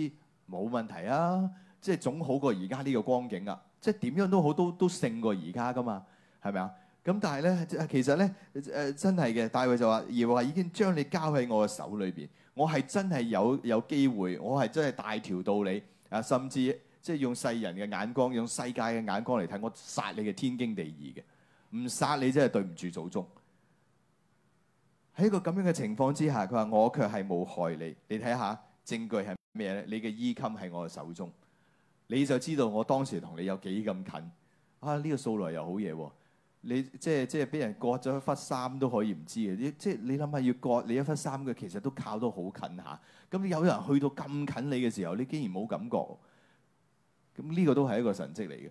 冇問題啊，即係總好過而家呢個光景啊，即係點樣都好都都勝過而家噶嘛，係咪啊？咁但係咧，其實咧，誒、呃、真係嘅，大衛就話：「而我已經將你交喺我嘅手裏邊，我係真係有有機會，我係真係大條道理。」啊，甚至即係用世人嘅眼光，用世界嘅眼光嚟睇，我殺你嘅天經地義嘅，唔殺你真係對唔住祖宗。喺一個咁樣嘅情況之下，佢話我卻係冇害你。你睇下證據係咩咧？你嘅衣襟喺我嘅手中，你就知道我當時同你有幾咁近啊！呢個數來又好嘢喎。你即係即係俾人割咗一忽衫都可以唔知嘅。你即係你諗下，要割你一忽衫嘅，其實都靠得好近下。咁有人去到咁近你嘅時候，你竟然冇感覺，咁呢個都係一個神跡嚟嘅，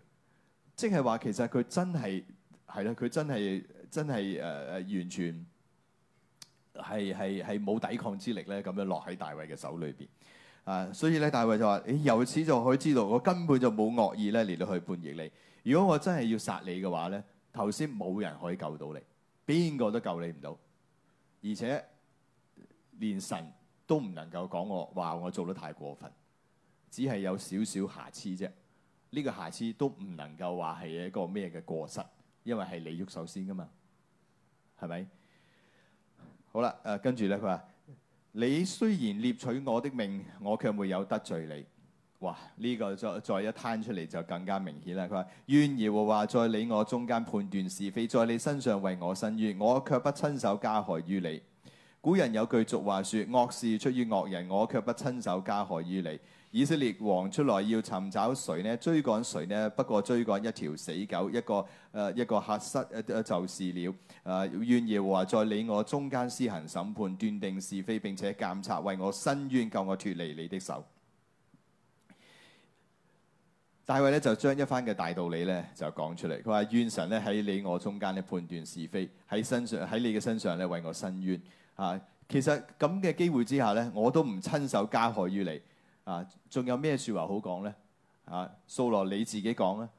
即係話其實佢真係係啦，佢真係真係誒誒，完全係係係冇抵抗之力咧，咁樣落喺大衛嘅手裏邊啊。所以咧，大衛就話：你、哎、由此就可以知道我根本就冇惡意咧嚟到去叛逆你。如果我真係要殺你嘅話咧。頭先冇人可以救到你，邊個都救你唔到，而且連神都唔能夠講我話我做得太過分，只係有少少瑕疵啫。呢個瑕疵都唔能夠話係一個咩嘅過失，因為係你喐手先噶嘛，係咪？好啦，誒跟住咧，佢話： 你雖然獵取我的命，我卻沒有得罪你。哇！呢，這個再再一攤出嚟就更加明顯啦。佢話：願耶和華在你我中間判斷是非，在你身上為我伸冤，我卻不親手加害於你。古人有句俗話說：惡事出於惡人，我卻不親手加害於你。以色列王出來要尋找誰呢？追趕誰呢？不過追趕一條死狗，一個誒、呃、一個虼蚤、呃、就是了。誒願耶和華在你我中間施行審判，斷定是非，並且監察為我伸冤，救我脫離你的手。大衛咧就將一番嘅大道理咧就講出嚟，佢話願神咧喺你我中間咧判斷是非，喺身上喺你嘅身上咧為我申冤啊！其實咁嘅機會之下咧，我都唔親手加害於你啊！仲有咩說話好講咧啊？掃羅你自己講啦，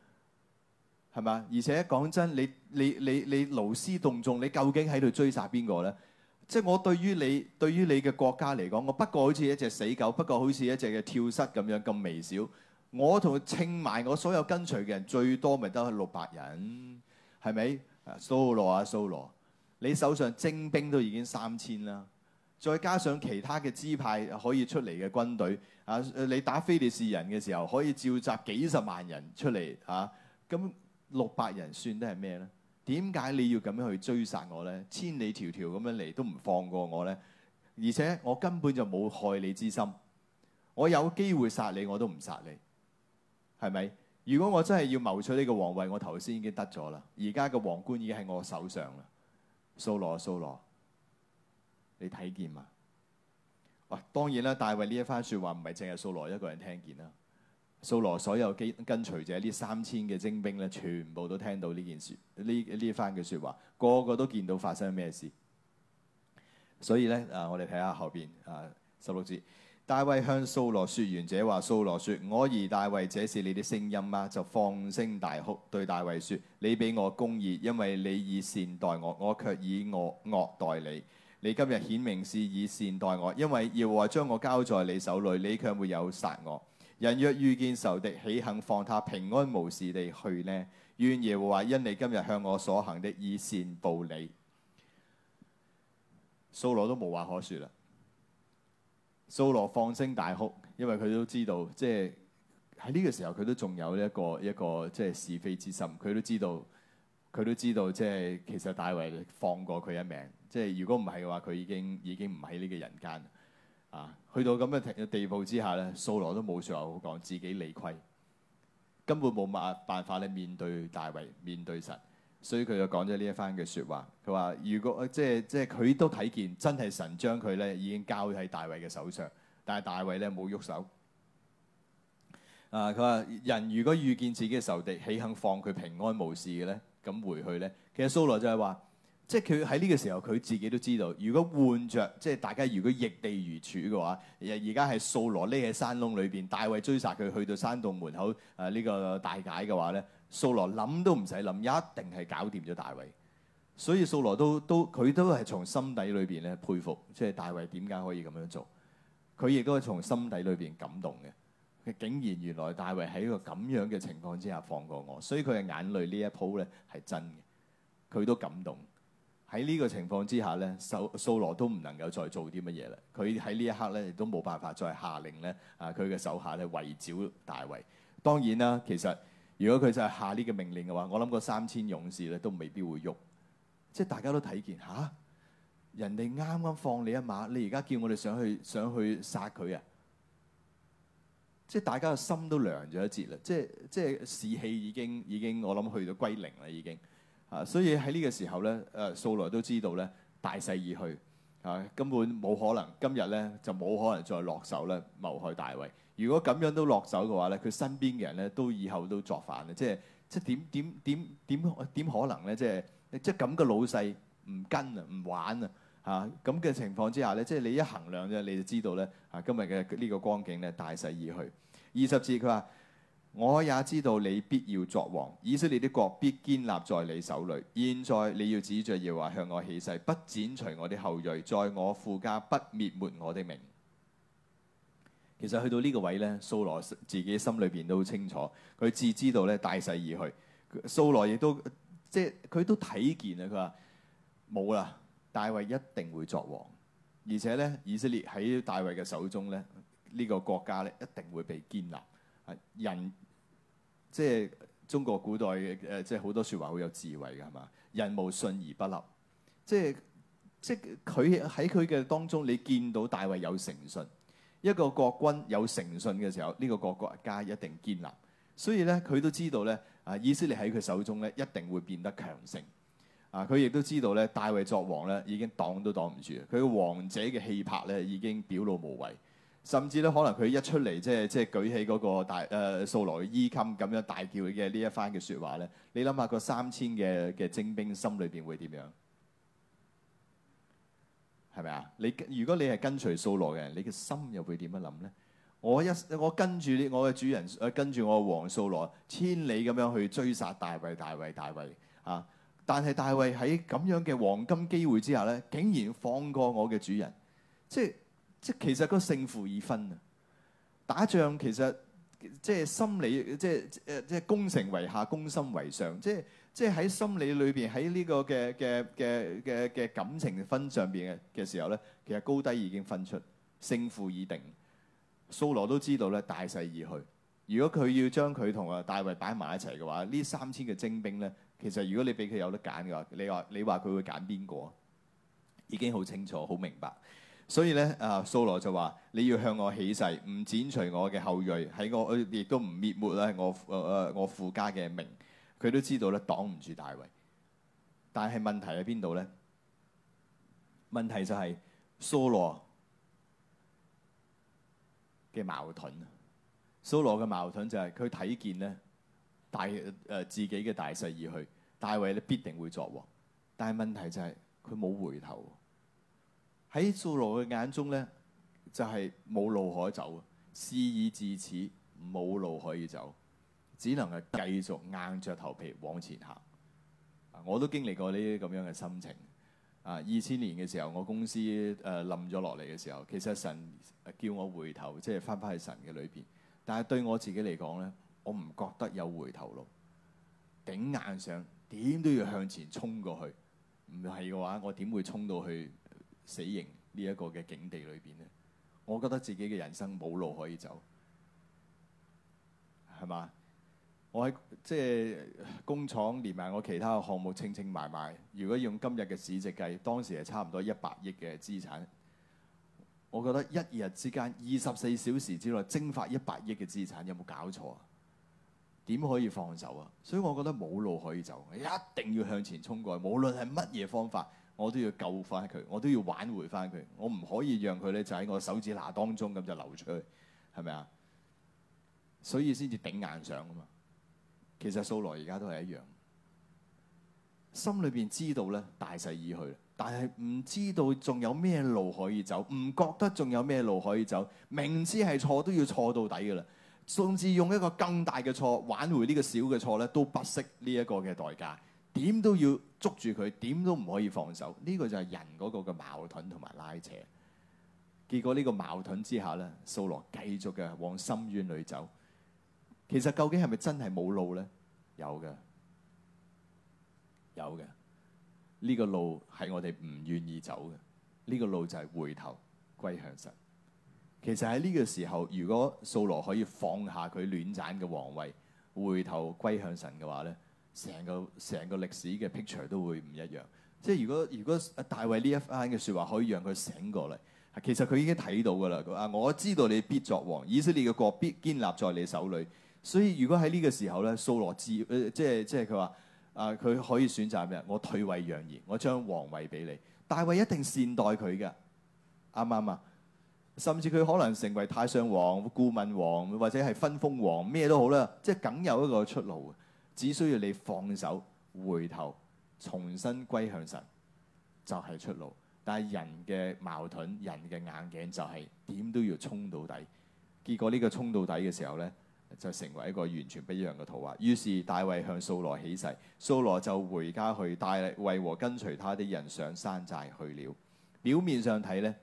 係嘛？而且講真，你你你你勞師動眾，你究竟喺度追殺邊個咧？即係我對於你對於你嘅國家嚟講，我不過好似一隻死狗，不過好似一隻嘅跳蚤咁樣咁微小。我同佢稱埋，我所有跟隨嘅人最多咪得六百人，係咪？蘇洛啊，蘇洛，你手上精兵都已經三千啦，再加上其他嘅支派可以出嚟嘅軍隊啊。你打菲利士人嘅時候可以召集幾十萬人出嚟啊。咁六百人算得係咩呢？點解你要咁樣去追殺我呢？千里迢迢咁樣嚟都唔放過我呢？而且我根本就冇害你之心，我有機會殺你我都唔殺你。係咪？如果我真係要謀取呢個皇位，我頭先已經得咗啦。而家嘅皇冠已經喺我手上啦。掃羅啊，掃羅，你睇見嘛？喂，當然啦，大衛呢一番說話唔係淨係掃羅一個人聽見啦。掃羅所有跟跟隨者呢三千嘅精兵咧，全部都聽到呢件事。呢呢一番嘅說話，個個都見到發生咩事。所以咧，啊，我哋睇下後邊啊，十六節。大衛向掃羅說完這話，掃羅說，我兒大衛，這是你的聲音嗎？就放聲大哭，對大衛說：你俾我公義，因為你以善待我，我卻以惡惡待你。你今日顯明是以善待我，因為耶和華將我交在你手裏，你卻沒有殺我。人若遇見仇敵，豈肯放他平安無事地去呢？願耶和華因你今日向我所行的以善報你。掃羅都無話可說啦。掃羅放聲大哭，因為佢都知道，即係喺呢個時候佢都仲有呢一個一個即係、就是、是非之心，佢都知道，佢都知道即係、就是、其實大衛放過佢一命，即、就、係、是、如果唔係嘅話佢已經已經唔喺呢個人間，啊，去到咁嘅地步之下咧，掃羅都冇說話好講，自己理虧，根本冇乜辦法咧面對大衛，面對神。所以佢就講咗呢一番嘅説話，佢話：如果即係即係佢都睇見，真係神將佢咧已經交喺大衛嘅手上，但係大衛咧冇喐手。啊！佢話：人如果遇見自己嘅仇敵，豈肯放佢平安無事嘅咧？咁回去咧？其實掃羅就係話，即係佢喺呢個時候，佢自己都知道，如果換着，即係大家如果易地而處嘅話，而家係掃羅匿喺山窿裏邊，大衛追殺佢去到山洞門口，誒、啊、呢、呢個大解嘅話咧。掃羅諗都唔使諗，一定係搞掂咗大衛。所以掃羅都都佢都係從心底裏邊咧佩服，即係大衛點解可以咁樣做。佢亦都係從心底裏邊感動嘅。佢竟然原來大衛喺一個咁樣嘅情況之下放過我，所以佢嘅眼淚呢一鋪咧係真嘅。佢都感動喺呢個情況之下咧，掃掃羅都唔能夠再做啲乜嘢啦。佢喺呢一刻咧亦都冇辦法再下令咧啊！佢嘅手下咧圍剿大衛。當然啦，其實。如果佢就係下呢個命令嘅話，我諗嗰三千勇士咧都未必會喐。即係大家都睇見嚇，人哋啱啱放你一馬，你而家叫我哋上去上去殺佢啊！即係大家嘅心都涼咗一截啦，即係即係士氣已經已經我諗去到歸零啦，已經啊，所以喺呢個時候咧，誒掃羅都知道咧，大勢已去啊，根本冇可能今日咧就冇可能再落手咧謀害大衛。如果咁樣都落手嘅話咧，佢身邊嘅人咧都以後都作反啦！即係即係點點點點點可能咧？即係即係咁嘅老細唔跟啊，唔玩啊嚇！咁嘅情況之下咧，即係你一衡量啫，你就知道咧嚇、啊、今日嘅呢個光景咧大勢而去。二十節佢話：我也知道你必要作王，以色列的國必堅立在你手裡。現在你要指着耶和華向我起誓，不剪除我的後裔，在我父家不滅沒我的名。其實去到呢個位咧，掃羅自己心裏邊都清楚，佢自知道咧大勢已去。掃羅亦都即係佢都睇見啊，佢話冇啦，大衛一定會作王，而且咧以色列喺大衛嘅手中咧呢個國家咧一定會被建立。啊，人即係中國古代嘅誒，即係好多説話好有智慧嘅係嘛，人無信而不立。即係即係佢喺佢嘅當中，你見到大衛有誠信。一個國君有誠信嘅時候，呢、這個國國家一定堅立。所以咧，佢都知道咧，啊以色列喺佢手中咧，一定會變得強盛。啊，佢亦都知道咧，大衛作王咧，已經擋都擋唔住。佢王者嘅氣魄咧，已經表露無遺。甚至咧，可能佢一出嚟，即係即係舉起嗰個大誒掃羅嘅衣襟咁樣大叫嘅呢一番嘅説話咧，你諗下個三千嘅嘅精兵心裏邊會點樣？係咪啊？你如果你係跟隨掃羅嘅人，你嘅心又會點樣諗咧？我一我跟住我嘅主人，呃、跟住我嘅王掃羅，千里咁樣去追殺大衛，大衛，大衛啊！但係大衛喺咁樣嘅黃金機會之下咧，竟然放過我嘅主人，即係即係其實個勝負已分啊！打仗其實即係心理，即係呃、即係攻城為下，攻心為上，即係。即係喺心理裏邊，喺呢個嘅嘅嘅嘅嘅感情分上邊嘅嘅時候咧，其實高低已經分出勝負已定。掃羅都知道咧，大勢已去。如果佢要將佢同啊大衛擺埋一齊嘅話，呢三千嘅精兵咧，其實如果你俾佢有得揀嘅話，你話你話佢會揀邊個？已經好清楚、好明白。所以咧，啊掃羅就話：你要向我起誓，唔剪除我嘅後裔，喺我亦都唔滅沒咧我誒誒、呃、我父家嘅名。佢都知道咧，擋唔住大衞。但係問題喺邊度咧？問題就係掃羅嘅矛盾。掃羅嘅矛盾就係佢睇見咧，大誒自己嘅大勢已去，大衞咧必定會作王。但係問題就係佢冇回頭。喺掃羅嘅眼中咧，就係冇路可走。事已至此，冇路可以走。只能係繼續硬着頭皮往前行。我都經歷過呢啲咁樣嘅心情。啊，二千年嘅時候，我公司誒冧咗落嚟嘅時候，其實神叫我回頭，即係翻返去神嘅裏邊。但係對我自己嚟講呢，我唔覺得有回頭路。頂硬上，點都要向前衝過去。唔係嘅話，我點會衝到去死刑呢一個嘅境地裏邊呢？我覺得自己嘅人生冇路可以走，係嘛？我喺即係工廠，連埋我其他嘅項目清清埋埋。如果用今日嘅市值計，當時係差唔多一百億嘅資產。我覺得一日之間，二十四小時之內蒸發一百億嘅資產，有冇搞錯啊？點可以放手啊？所以我覺得冇路可以走，一定要向前衝過去。無論係乜嘢方法，我都要救翻佢，我都要挽回翻佢。我唔可以讓佢咧就喺我手指罅當中咁就流出去，係咪啊？所以先至頂硬上嘛！其實掃羅而家都係一樣，心裏邊知道咧大勢已去，但係唔知道仲有咩路可以走，唔覺得仲有咩路可以走，明知係錯都要錯到底㗎喇，甚至用一個更大嘅錯挽回呢個小嘅錯咧，都不惜呢一個嘅代價，點都要捉住佢，點都唔可以放手。呢、這個就係人嗰個嘅矛盾同埋拉扯。結果呢個矛盾之下咧，掃羅繼續嘅往深淵裏走。其實究竟係咪真係冇路咧？有嘅，有嘅。呢個路係我哋唔願意走嘅。呢個路就係回頭歸向神。其實喺呢個時候，如果掃羅可以放下佢亂斬嘅皇位，回頭歸向神嘅話咧，成個成個歷史嘅 picture 都會唔一樣。即係如果如果大衛呢一番嘅説話可以讓佢醒過嚟，其實佢已經睇到㗎啦。啊，我知道你必作王，以色列嘅國必堅立在你手裏。所以如果喺呢個時候咧，掃羅治誒、呃，即係即係佢話啊，佢、呃、可以選擇咩？我退位讓賢，我將皇位俾你。大衞一定善待佢嘅，啱唔啱啊？甚至佢可能成為太上皇、顧問王，或者係分封王，咩都好啦。即係梗有一個出路，只需要你放手回頭，重新歸向神，就係、是、出路。但係人嘅矛盾，人嘅硬頸就係、是、點都要衝到底。結果呢個衝到底嘅時候咧，就成為一個完全不一樣嘅圖畫。於是大衛向掃羅起誓，掃羅就回家去，大衛和跟隨他啲人上山寨去了。表面上睇咧，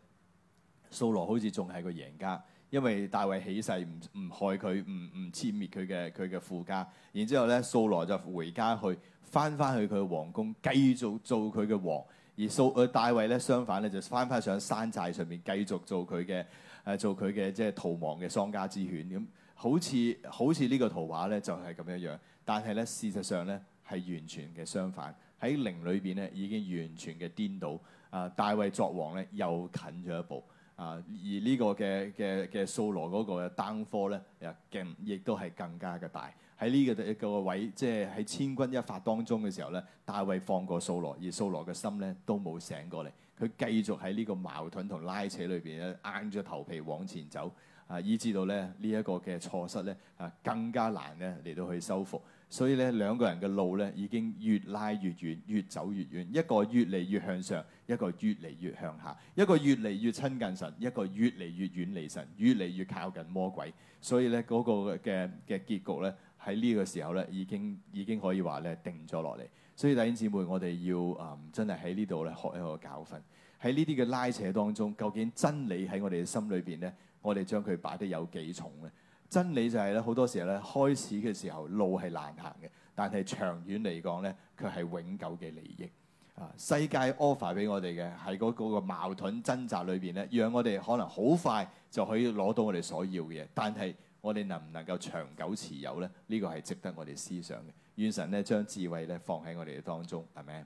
掃羅好似仲係個贏家，因為大衛起誓唔唔害佢，唔唔殲滅佢嘅佢嘅父家。然之後咧，掃羅就回家去，翻翻去佢嘅皇宮，繼續做佢嘅王。而掃、呃、大衛咧，相反咧，就翻翻上山寨上面，繼續做佢嘅誒做佢嘅、呃、即係逃亡嘅喪家之犬咁。好似好似呢個圖畫咧，就係咁樣樣。但係咧，事實上咧，係完全嘅相反。喺靈裏邊咧，已經完全嘅顛倒。啊，大衛作王咧，又近咗一步。啊，而個個呢個嘅嘅嘅掃羅嗰個單科咧，又更亦都係更加嘅大。喺呢個嘅個位，即係喺千鈞一髮當中嘅時候咧，大衛放過掃羅，而掃羅嘅心咧都冇醒過嚟，佢繼續喺呢個矛盾同拉扯裏邊咧，硬住頭皮往前走。啊！以至到咧呢一個嘅錯失咧，啊，更加難咧嚟到去修復，所以咧，兩個人嘅路咧已經越拉越遠，越走越遠。一個越嚟越向上，一個越嚟越向下，一個越嚟越親近神，一個越嚟越遠離神，越嚟越靠近魔鬼。所以咧，嗰個嘅嘅結局咧，喺呢個時候咧已經已經可以話咧定咗落嚟。所以弟兄姊妹，我哋要啊、嗯、真係喺呢度咧學一個教訓，喺呢啲嘅拉扯當中，究竟真理喺我哋嘅心裏邊咧？我哋將佢擺得有幾重咧？真理就係、是、咧，好多時候咧，開始嘅時候路係難行嘅，但係長遠嚟講咧，佢係永久嘅利益啊！世界 offer 俾我哋嘅係嗰個矛盾掙扎裏邊咧，讓我哋可能好快就可以攞到我哋所要嘅嘢，但係我哋能唔能夠長久持有咧？呢、這個係值得我哋思想嘅。願神咧將智慧咧放喺我哋嘅當中，係咪？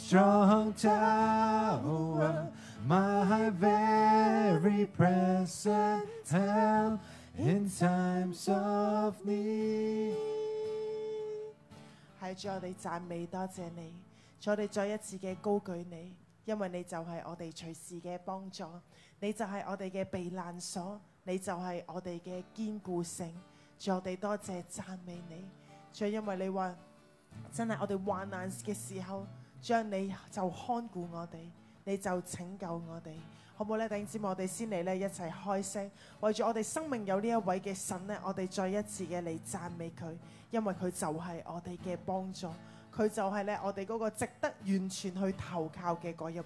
Strong my very present health, in times of need。我哋讚美多謝你，我哋再一次嘅高舉你，因為你就係我哋隨時嘅幫助，你就係我哋嘅避難所，你就係我哋嘅堅固性。在我哋多謝讚美你，就因為你話真係我哋患難嘅時候。將你就看顧我哋，你就拯救我哋，好唔好咧？等陣我哋先嚟呢，一齊開聲，為住我哋生命有呢一位嘅神呢，我哋再一次嘅嚟讚美佢，因為佢就係我哋嘅幫助，佢就係咧我哋嗰個值得完全去投靠嘅嗰一位。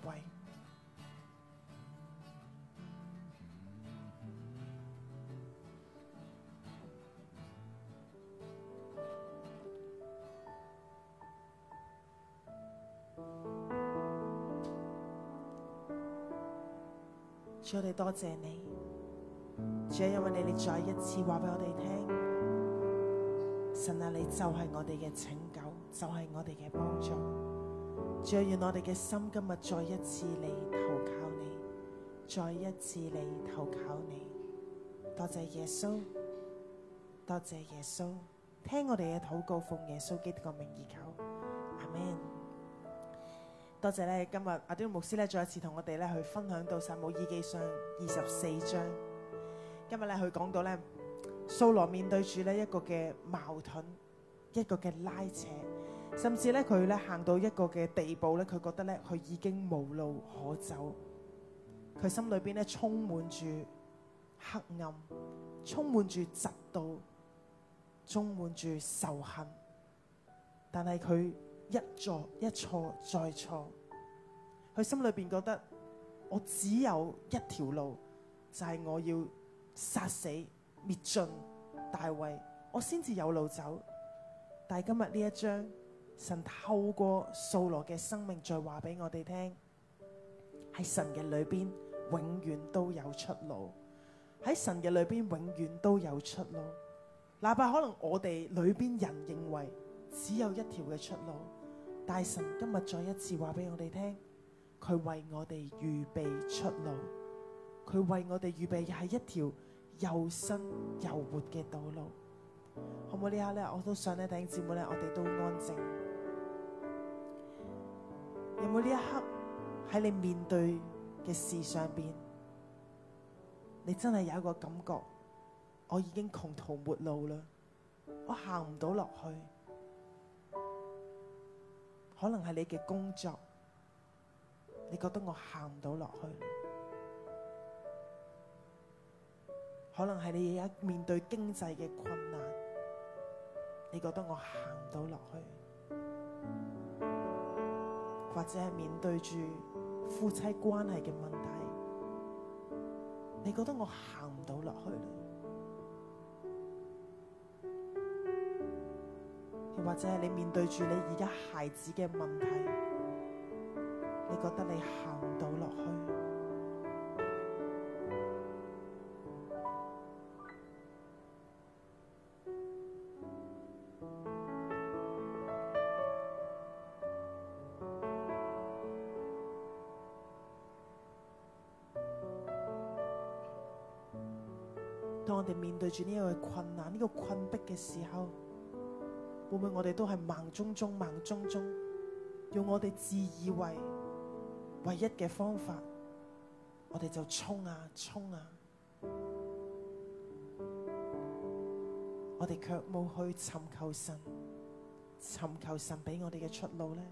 我哋多謝你，主要因為你哋再一次話俾我哋聽，神啊，你就係我哋嘅拯救，就係、是、我哋嘅幫助。主要願我哋嘅心今日再一次嚟投靠你，再一次嚟投靠你。多謝耶穌，多謝耶穌，聽我哋嘅禱告，奉耶穌基督嘅名而求，阿門。多謝咧，今日阿丁牧師咧再一次同我哋咧去分享到《撒母耳記上》二十四章。今日咧佢講到咧，掃羅面對住呢一個嘅矛盾，一個嘅拉扯，甚至咧佢咧行到一個嘅地步咧，佢覺得咧佢已經無路可走。佢心裏邊咧充滿住黑暗，充滿住嫉妒，充滿住仇恨。但係佢。一,一錯一錯再錯，佢心裏邊覺得我只有一條路，就係、是、我要殺死滅盡大衛，我先至有路走。但係今日呢一章，神透過掃羅嘅生命再，再話俾我哋聽，喺神嘅裏邊永遠都有出路，喺神嘅裏邊永遠都有出路。哪怕可能我哋裏邊人認為只有一條嘅出路。大神今日再一次話俾我哋聽，佢為我哋預備出路，佢為我哋預備係一條又新又活嘅道路。好冇，呢一刻咧？我都想咧，弟兄姊妹咧，我哋都安靜。有冇呢一刻喺你面對嘅事上邊，你真係有一個感覺，我已經窮途末路啦，我行唔到落去。可能係你嘅工作，你覺得我行唔到落去；可能係你而家面對經濟嘅困難，你覺得我行唔到落去；或者係面對住夫妻關係嘅問題，你覺得我行唔到落去。或者係你面對住你而家孩子嘅問題，你覺得你行唔到落去。當我哋面對住呢個困難、呢、這個困逼嘅時候，會唔會我哋都係盲舂舂、盲舂舂，用我哋自以為唯一嘅方法，我哋就衝啊衝啊，我哋卻冇去尋求神，尋求神俾我哋嘅出路呢？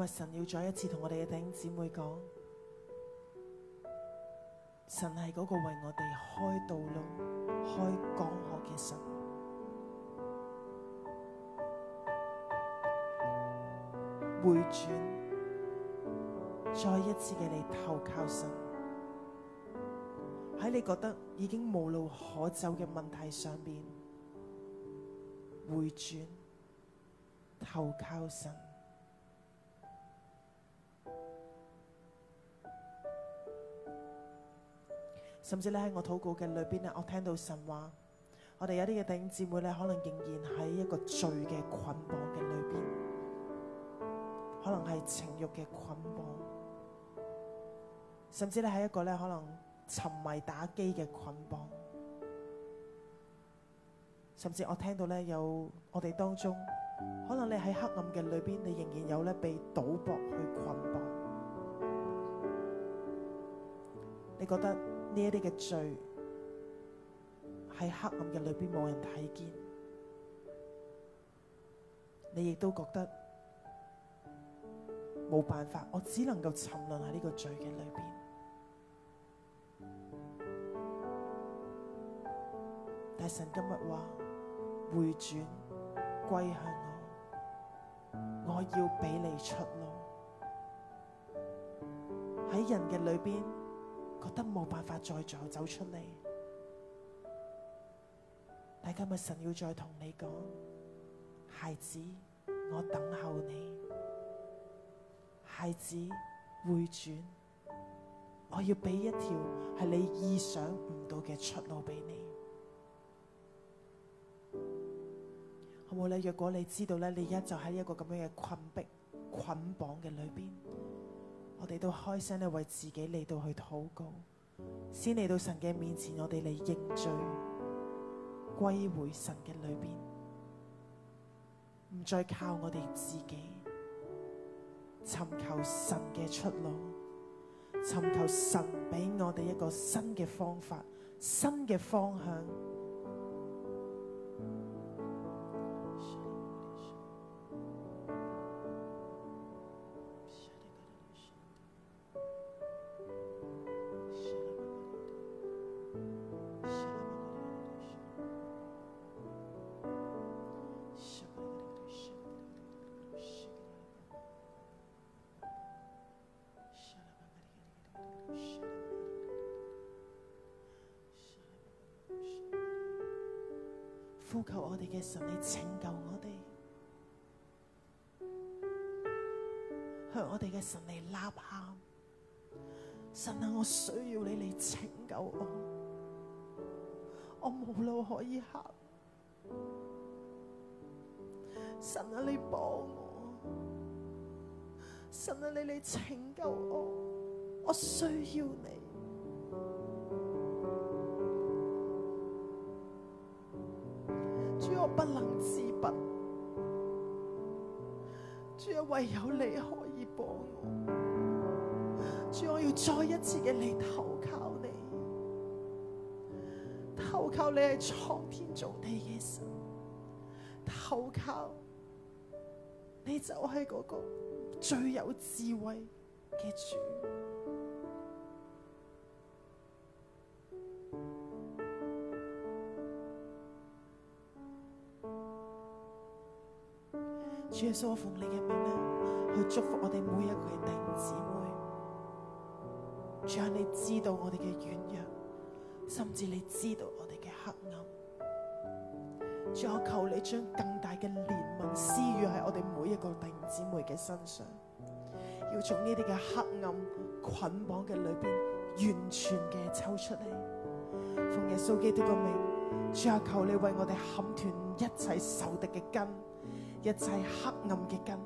因為神要再一次同我哋嘅弟兄姊妹講，神係嗰個為我哋開道路、開江河嘅神，回轉，再一次嘅你投靠神，喺你覺得已經無路可走嘅問題上邊，回轉，投靠神。甚至咧喺我禱告嘅裏邊咧，我聽到神話，我哋有啲嘅弟兄姊妹咧，可能仍然喺一個罪嘅捆綁嘅裏邊，可能係情欲嘅捆綁，甚至咧喺一個咧可能沉迷打機嘅捆綁，甚至我聽到咧有我哋當中，可能你喺黑暗嘅裏邊，你仍然有咧被賭博去捆綁，你覺得？呢一啲嘅罪喺黑暗嘅裏邊冇人睇見，你亦都覺得冇辦法，我只能夠沉淪喺呢個罪嘅裏邊。但神今日話回轉歸向我，我要俾你出路喺人嘅裏邊。覺得冇辦法再再走出嚟，但今日神要再同你講，孩子，我等候你，孩子回轉，我要俾一條係你意想唔到嘅出路俾你，好冇咧？若果你知道咧，你而家就喺一個咁樣嘅困迫、捆綁嘅裏邊。我哋都開心咧，為自己嚟到去禱告，先嚟到神嘅面前，我哋嚟認罪，歸回神嘅裏邊，唔再靠我哋自己，尋求神嘅出路，尋求神俾我哋一個新嘅方法，新嘅方向。神你拯救我哋，向我哋嘅神嚟吶喊，神啊，我需要你嚟拯救我，我無路可以行，神啊，你幫我，神啊，你嚟拯救我，我需要你。唯有你可以幫我，主，我要再一次嘅嚟投靠你，投靠你係創天造地嘅神，投靠你就係嗰個最有智慧嘅主。主耶穌我奉你嘅名咧，去祝福我哋每一個嘅弟兄姊妹。主啊，你知道我哋嘅軟弱，甚至你知道我哋嘅黑暗。主啊，求你將更大嘅憐憫施予喺我哋每一個弟兄姊妹嘅身上，要從呢啲嘅黑暗捆綁嘅裏邊完全嘅抽出嚟。奉耶穌基督嘅名，主啊，求你為我哋砍斷一切仇敵嘅根。一切黑暗嘅根，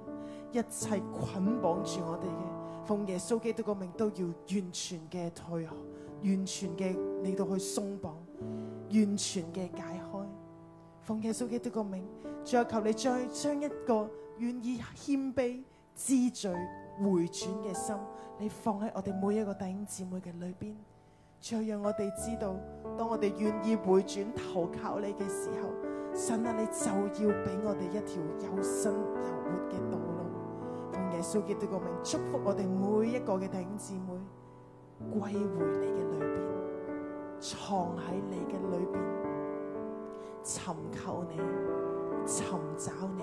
一切捆綁住我哋嘅，奉耶穌基督個名都要完全嘅退，完全嘅你到去鬆綁，完全嘅解開。奉耶穌基督嘅名，再求你再將一個願意謙卑知罪回轉嘅心，你放喺我哋每一個弟兄姊妹嘅裏邊，再讓我哋知道，當我哋願意回轉投靠你嘅時候。神啊，你就要俾我哋一條有生有活嘅道路，同耶穌基督嘅名祝福我哋每一個嘅弟兄姊妹歸回你嘅裏邊，藏喺你嘅裏邊，尋求你，尋找你，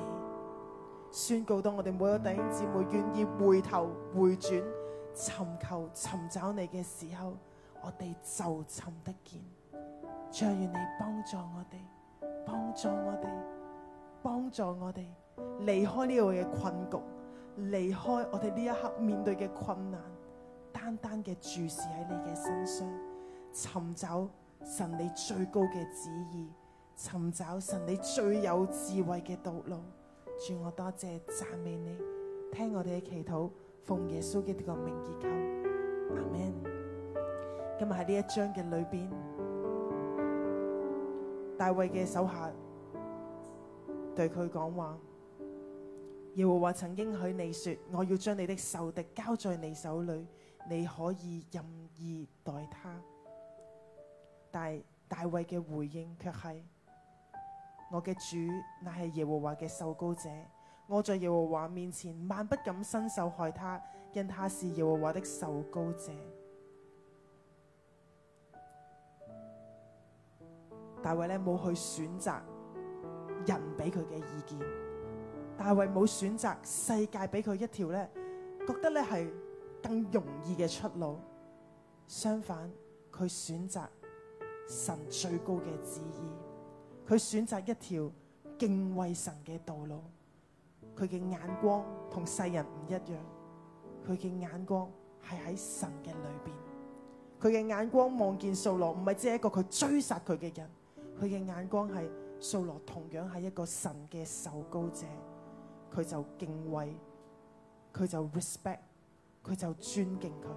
宣告當我哋每一個弟兄姊妹願意回頭回轉，尋求尋找你嘅時候，我哋就尋得見。再願你幫助我哋。幫助我哋，幫助我哋離開呢個嘅困局，離開我哋呢一刻面對嘅困難，單單嘅注視喺你嘅身上，尋找神你最高嘅旨意，尋找神你最有智慧嘅道路。主我多謝讚美你，聽我哋嘅祈禱，奉耶穌嘅呢個名祈求，阿門。今日喺呢一章嘅裏邊。大衛嘅手下對佢講話：耶和華曾應許你說，我要將你的仇敵交在你手裏，你可以任意待他。但大衛嘅回應卻係：我嘅主乃係耶和華嘅受膏者，我在耶和華面前萬不敢伸手害他，因他是耶和華的受膏者。大衛咧冇去選擇人俾佢嘅意見，大衛冇選擇世界俾佢一條咧覺得咧係更容易嘅出路。相反，佢選擇神最高嘅旨意，佢選擇一條敬畏神嘅道路。佢嘅眼光同世人唔一樣，佢嘅眼光係喺神嘅裏邊。佢嘅眼光望見掃羅，唔係只係一個佢追殺佢嘅人。佢嘅眼光係掃羅，同樣係一個神嘅受膏者，佢就敬畏，佢就 respect，佢就尊敬佢，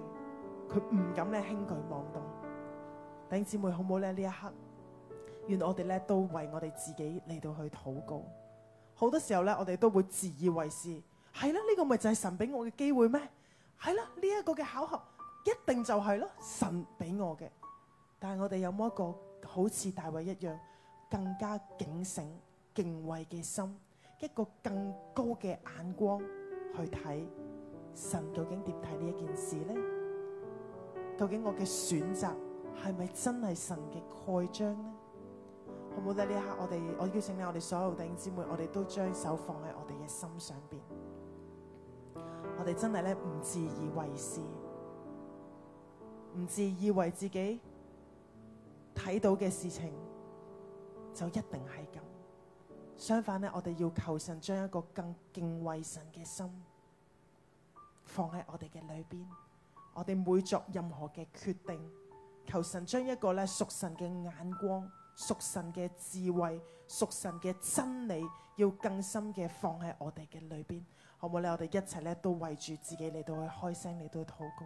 佢唔敢咧輕舉妄動。弟兄姊妹好唔好咧？呢一刻，原來我哋咧都為我哋自己嚟到去禱告。好多時候咧，我哋都會自以為是，係啦，呢、這個咪就係神俾我嘅機會咩？係啦，呢、這、一個嘅巧合一定就係咯，神俾我嘅。但係我哋有冇一個？好似大衛一樣，更加警醒敬畏嘅心，一個更高嘅眼光去睇神究竟點睇呢一件事呢？究竟我嘅選擇係咪真係神嘅蓋章呢？好唔好咧？呢一刻我哋，我邀請你，我哋所有弟兄姊妹，我哋都將手放喺我哋嘅心上邊，我哋真係咧唔自以為是，唔自以為自己。睇到嘅事情就一定係咁。相反呢，我哋要求神將一個更敬畏神嘅心放喺我哋嘅裏邊。我哋每作任何嘅決定，求神將一個咧屬神嘅眼光、屬神嘅智慧、屬神嘅真理，要更深嘅放喺我哋嘅裏邊，好唔好咧？我哋一齊咧都為住自己嚟到去開聲嚟到去禱告。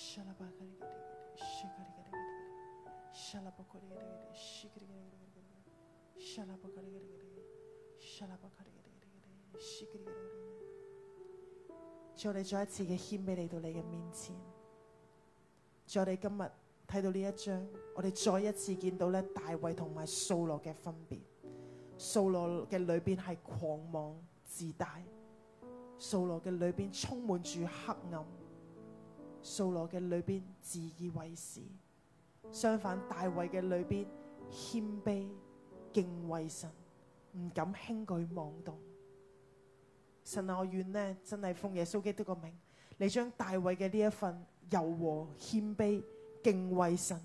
仲有你再一次嘅謙卑嚟到你嘅面前，仲有你今日睇到呢一章，我哋再一次見到咧大衛同埋掃羅嘅分別。掃羅嘅裏邊係狂妄自大，掃羅嘅裏邊充滿住黑暗。掃羅嘅裏邊自以為是，相反大衛嘅裏邊謙卑敬畏神，唔敢輕舉妄動。神啊，我願呢真係奉耶穌基督個名，你將大衛嘅呢一份柔和謙卑敬畏，敬畏神、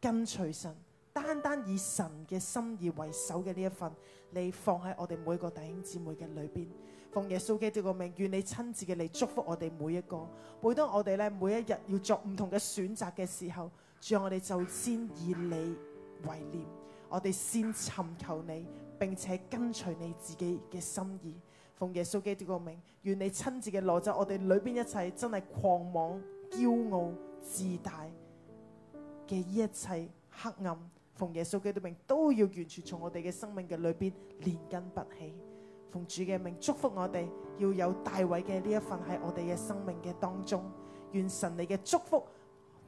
跟隨神、單單以神嘅心意為首嘅呢一份，你放喺我哋每個弟兄姊妹嘅裏邊。奉耶穌基督嘅名，願你親自嘅嚟祝福我哋每一個。每當我哋咧每一日要作唔同嘅選擇嘅時候，主我哋就先以你為念，我哋先尋求你，並且跟隨你自己嘅心意。奉耶穌基督嘅名，願你親自嘅攞走我哋裏邊一切真係狂妄、驕傲、自大嘅一切黑暗。奉耶穌基督名，都要完全從我哋嘅生命嘅裏邊連根拔起。奉主嘅命祝福我哋，要有大衛嘅呢一份喺我哋嘅生命嘅當中。願神你嘅祝福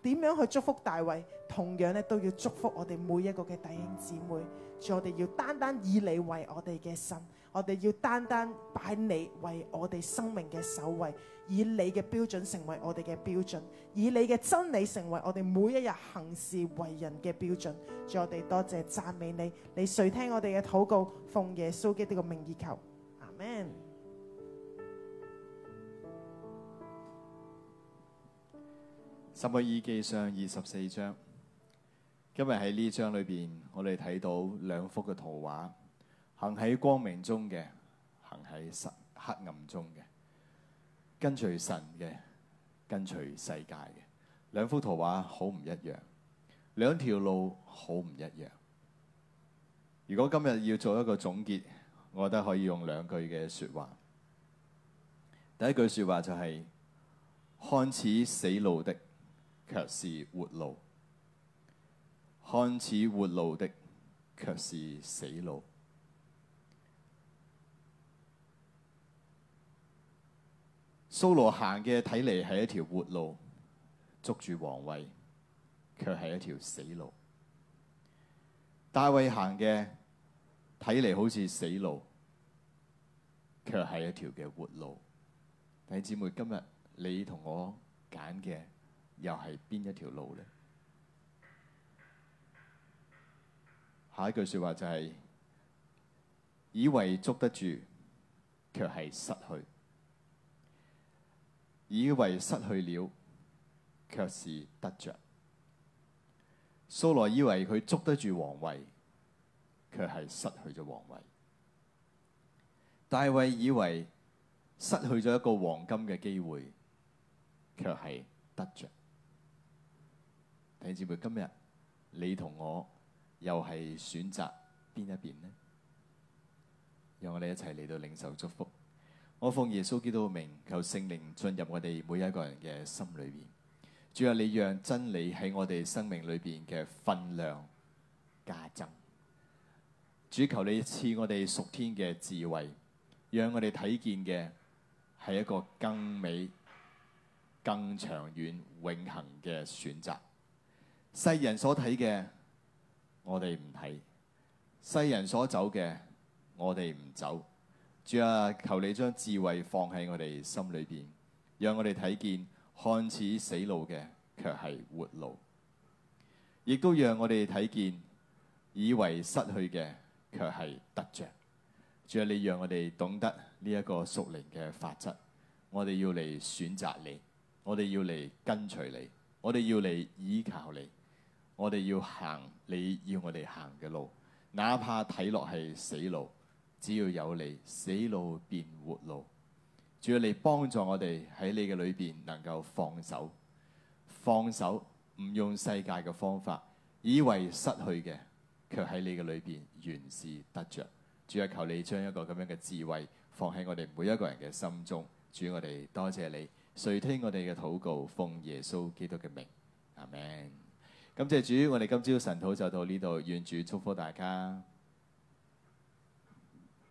點樣去祝福大衛，同樣咧都要祝福我哋每一個嘅弟兄姊妹。主我哋要單單以你為我哋嘅神，我哋要單單擺你為我哋生命嘅首位，以你嘅標準成為我哋嘅標準，以你嘅真理成為我哋每一日行事為人嘅標準。主我哋多謝讚美你，你垂聽我哋嘅禱告，奉耶穌基督嘅名義求。撒母耳記上二十四章，今日喺呢章裏邊，我哋睇到兩幅嘅圖畫，行喺光明中嘅，行喺黑黑暗中嘅，跟隨神嘅，跟隨世界嘅，兩幅圖畫好唔一樣，兩條路好唔一樣。如果今日要做一個總結。我覺得可以用兩句嘅説話。第一句説話就係：看似死路的，卻是活路；看似活路的，卻是死路。掃羅行嘅睇嚟係一條活路，捉住王位，卻係一條死路。大衞行嘅，睇嚟好似死路，卻係一條嘅活路。弟兄姊妹，今日你同我揀嘅又係邊一條路呢？下一句說話就係、是：以為捉得住，卻係失去；以為失去了，卻是得着。掃羅以為佢捉得住王位。卻係失去咗王位。大衛以為失去咗一個黃金嘅機會，卻係得着。弟兄姊妹，今日你同我又係選擇邊一邊呢？讓我哋一齊嚟到領受祝福。我奉耶穌基督嘅名，求聖靈進入我哋每一個人嘅心裏邊。主啊，你讓真理喺我哋生命裏邊嘅分量加增。主求你賜我哋屬天嘅智慧，讓我哋睇見嘅係一個更美、更長遠、永恒嘅選擇。世人所睇嘅，我哋唔睇；世人所走嘅，我哋唔走。主啊，求你將智慧放喺我哋心裏面，讓我哋睇見看似死路嘅，卻係活路；亦都讓我哋睇見以為失去嘅。卻係得着，主要你讓我哋懂得呢一個屬靈嘅法則。我哋要嚟選擇你，我哋要嚟跟隨你，我哋要嚟依靠你，我哋要行你要我哋行嘅路，哪怕睇落係死路，只要有你，死路變活路。主要你幫助我哋喺你嘅裏邊能夠放手，放手唔用世界嘅方法，以為失去嘅，卻喺你嘅裏邊原是得着，主啊，求你將一個咁樣嘅智慧放喺我哋每一個人嘅心中。主，我哋多謝你，垂聽我哋嘅禱告，奉耶穌基督嘅名，阿門。感謝主，我哋今朝神討就到呢度，願主祝福大家。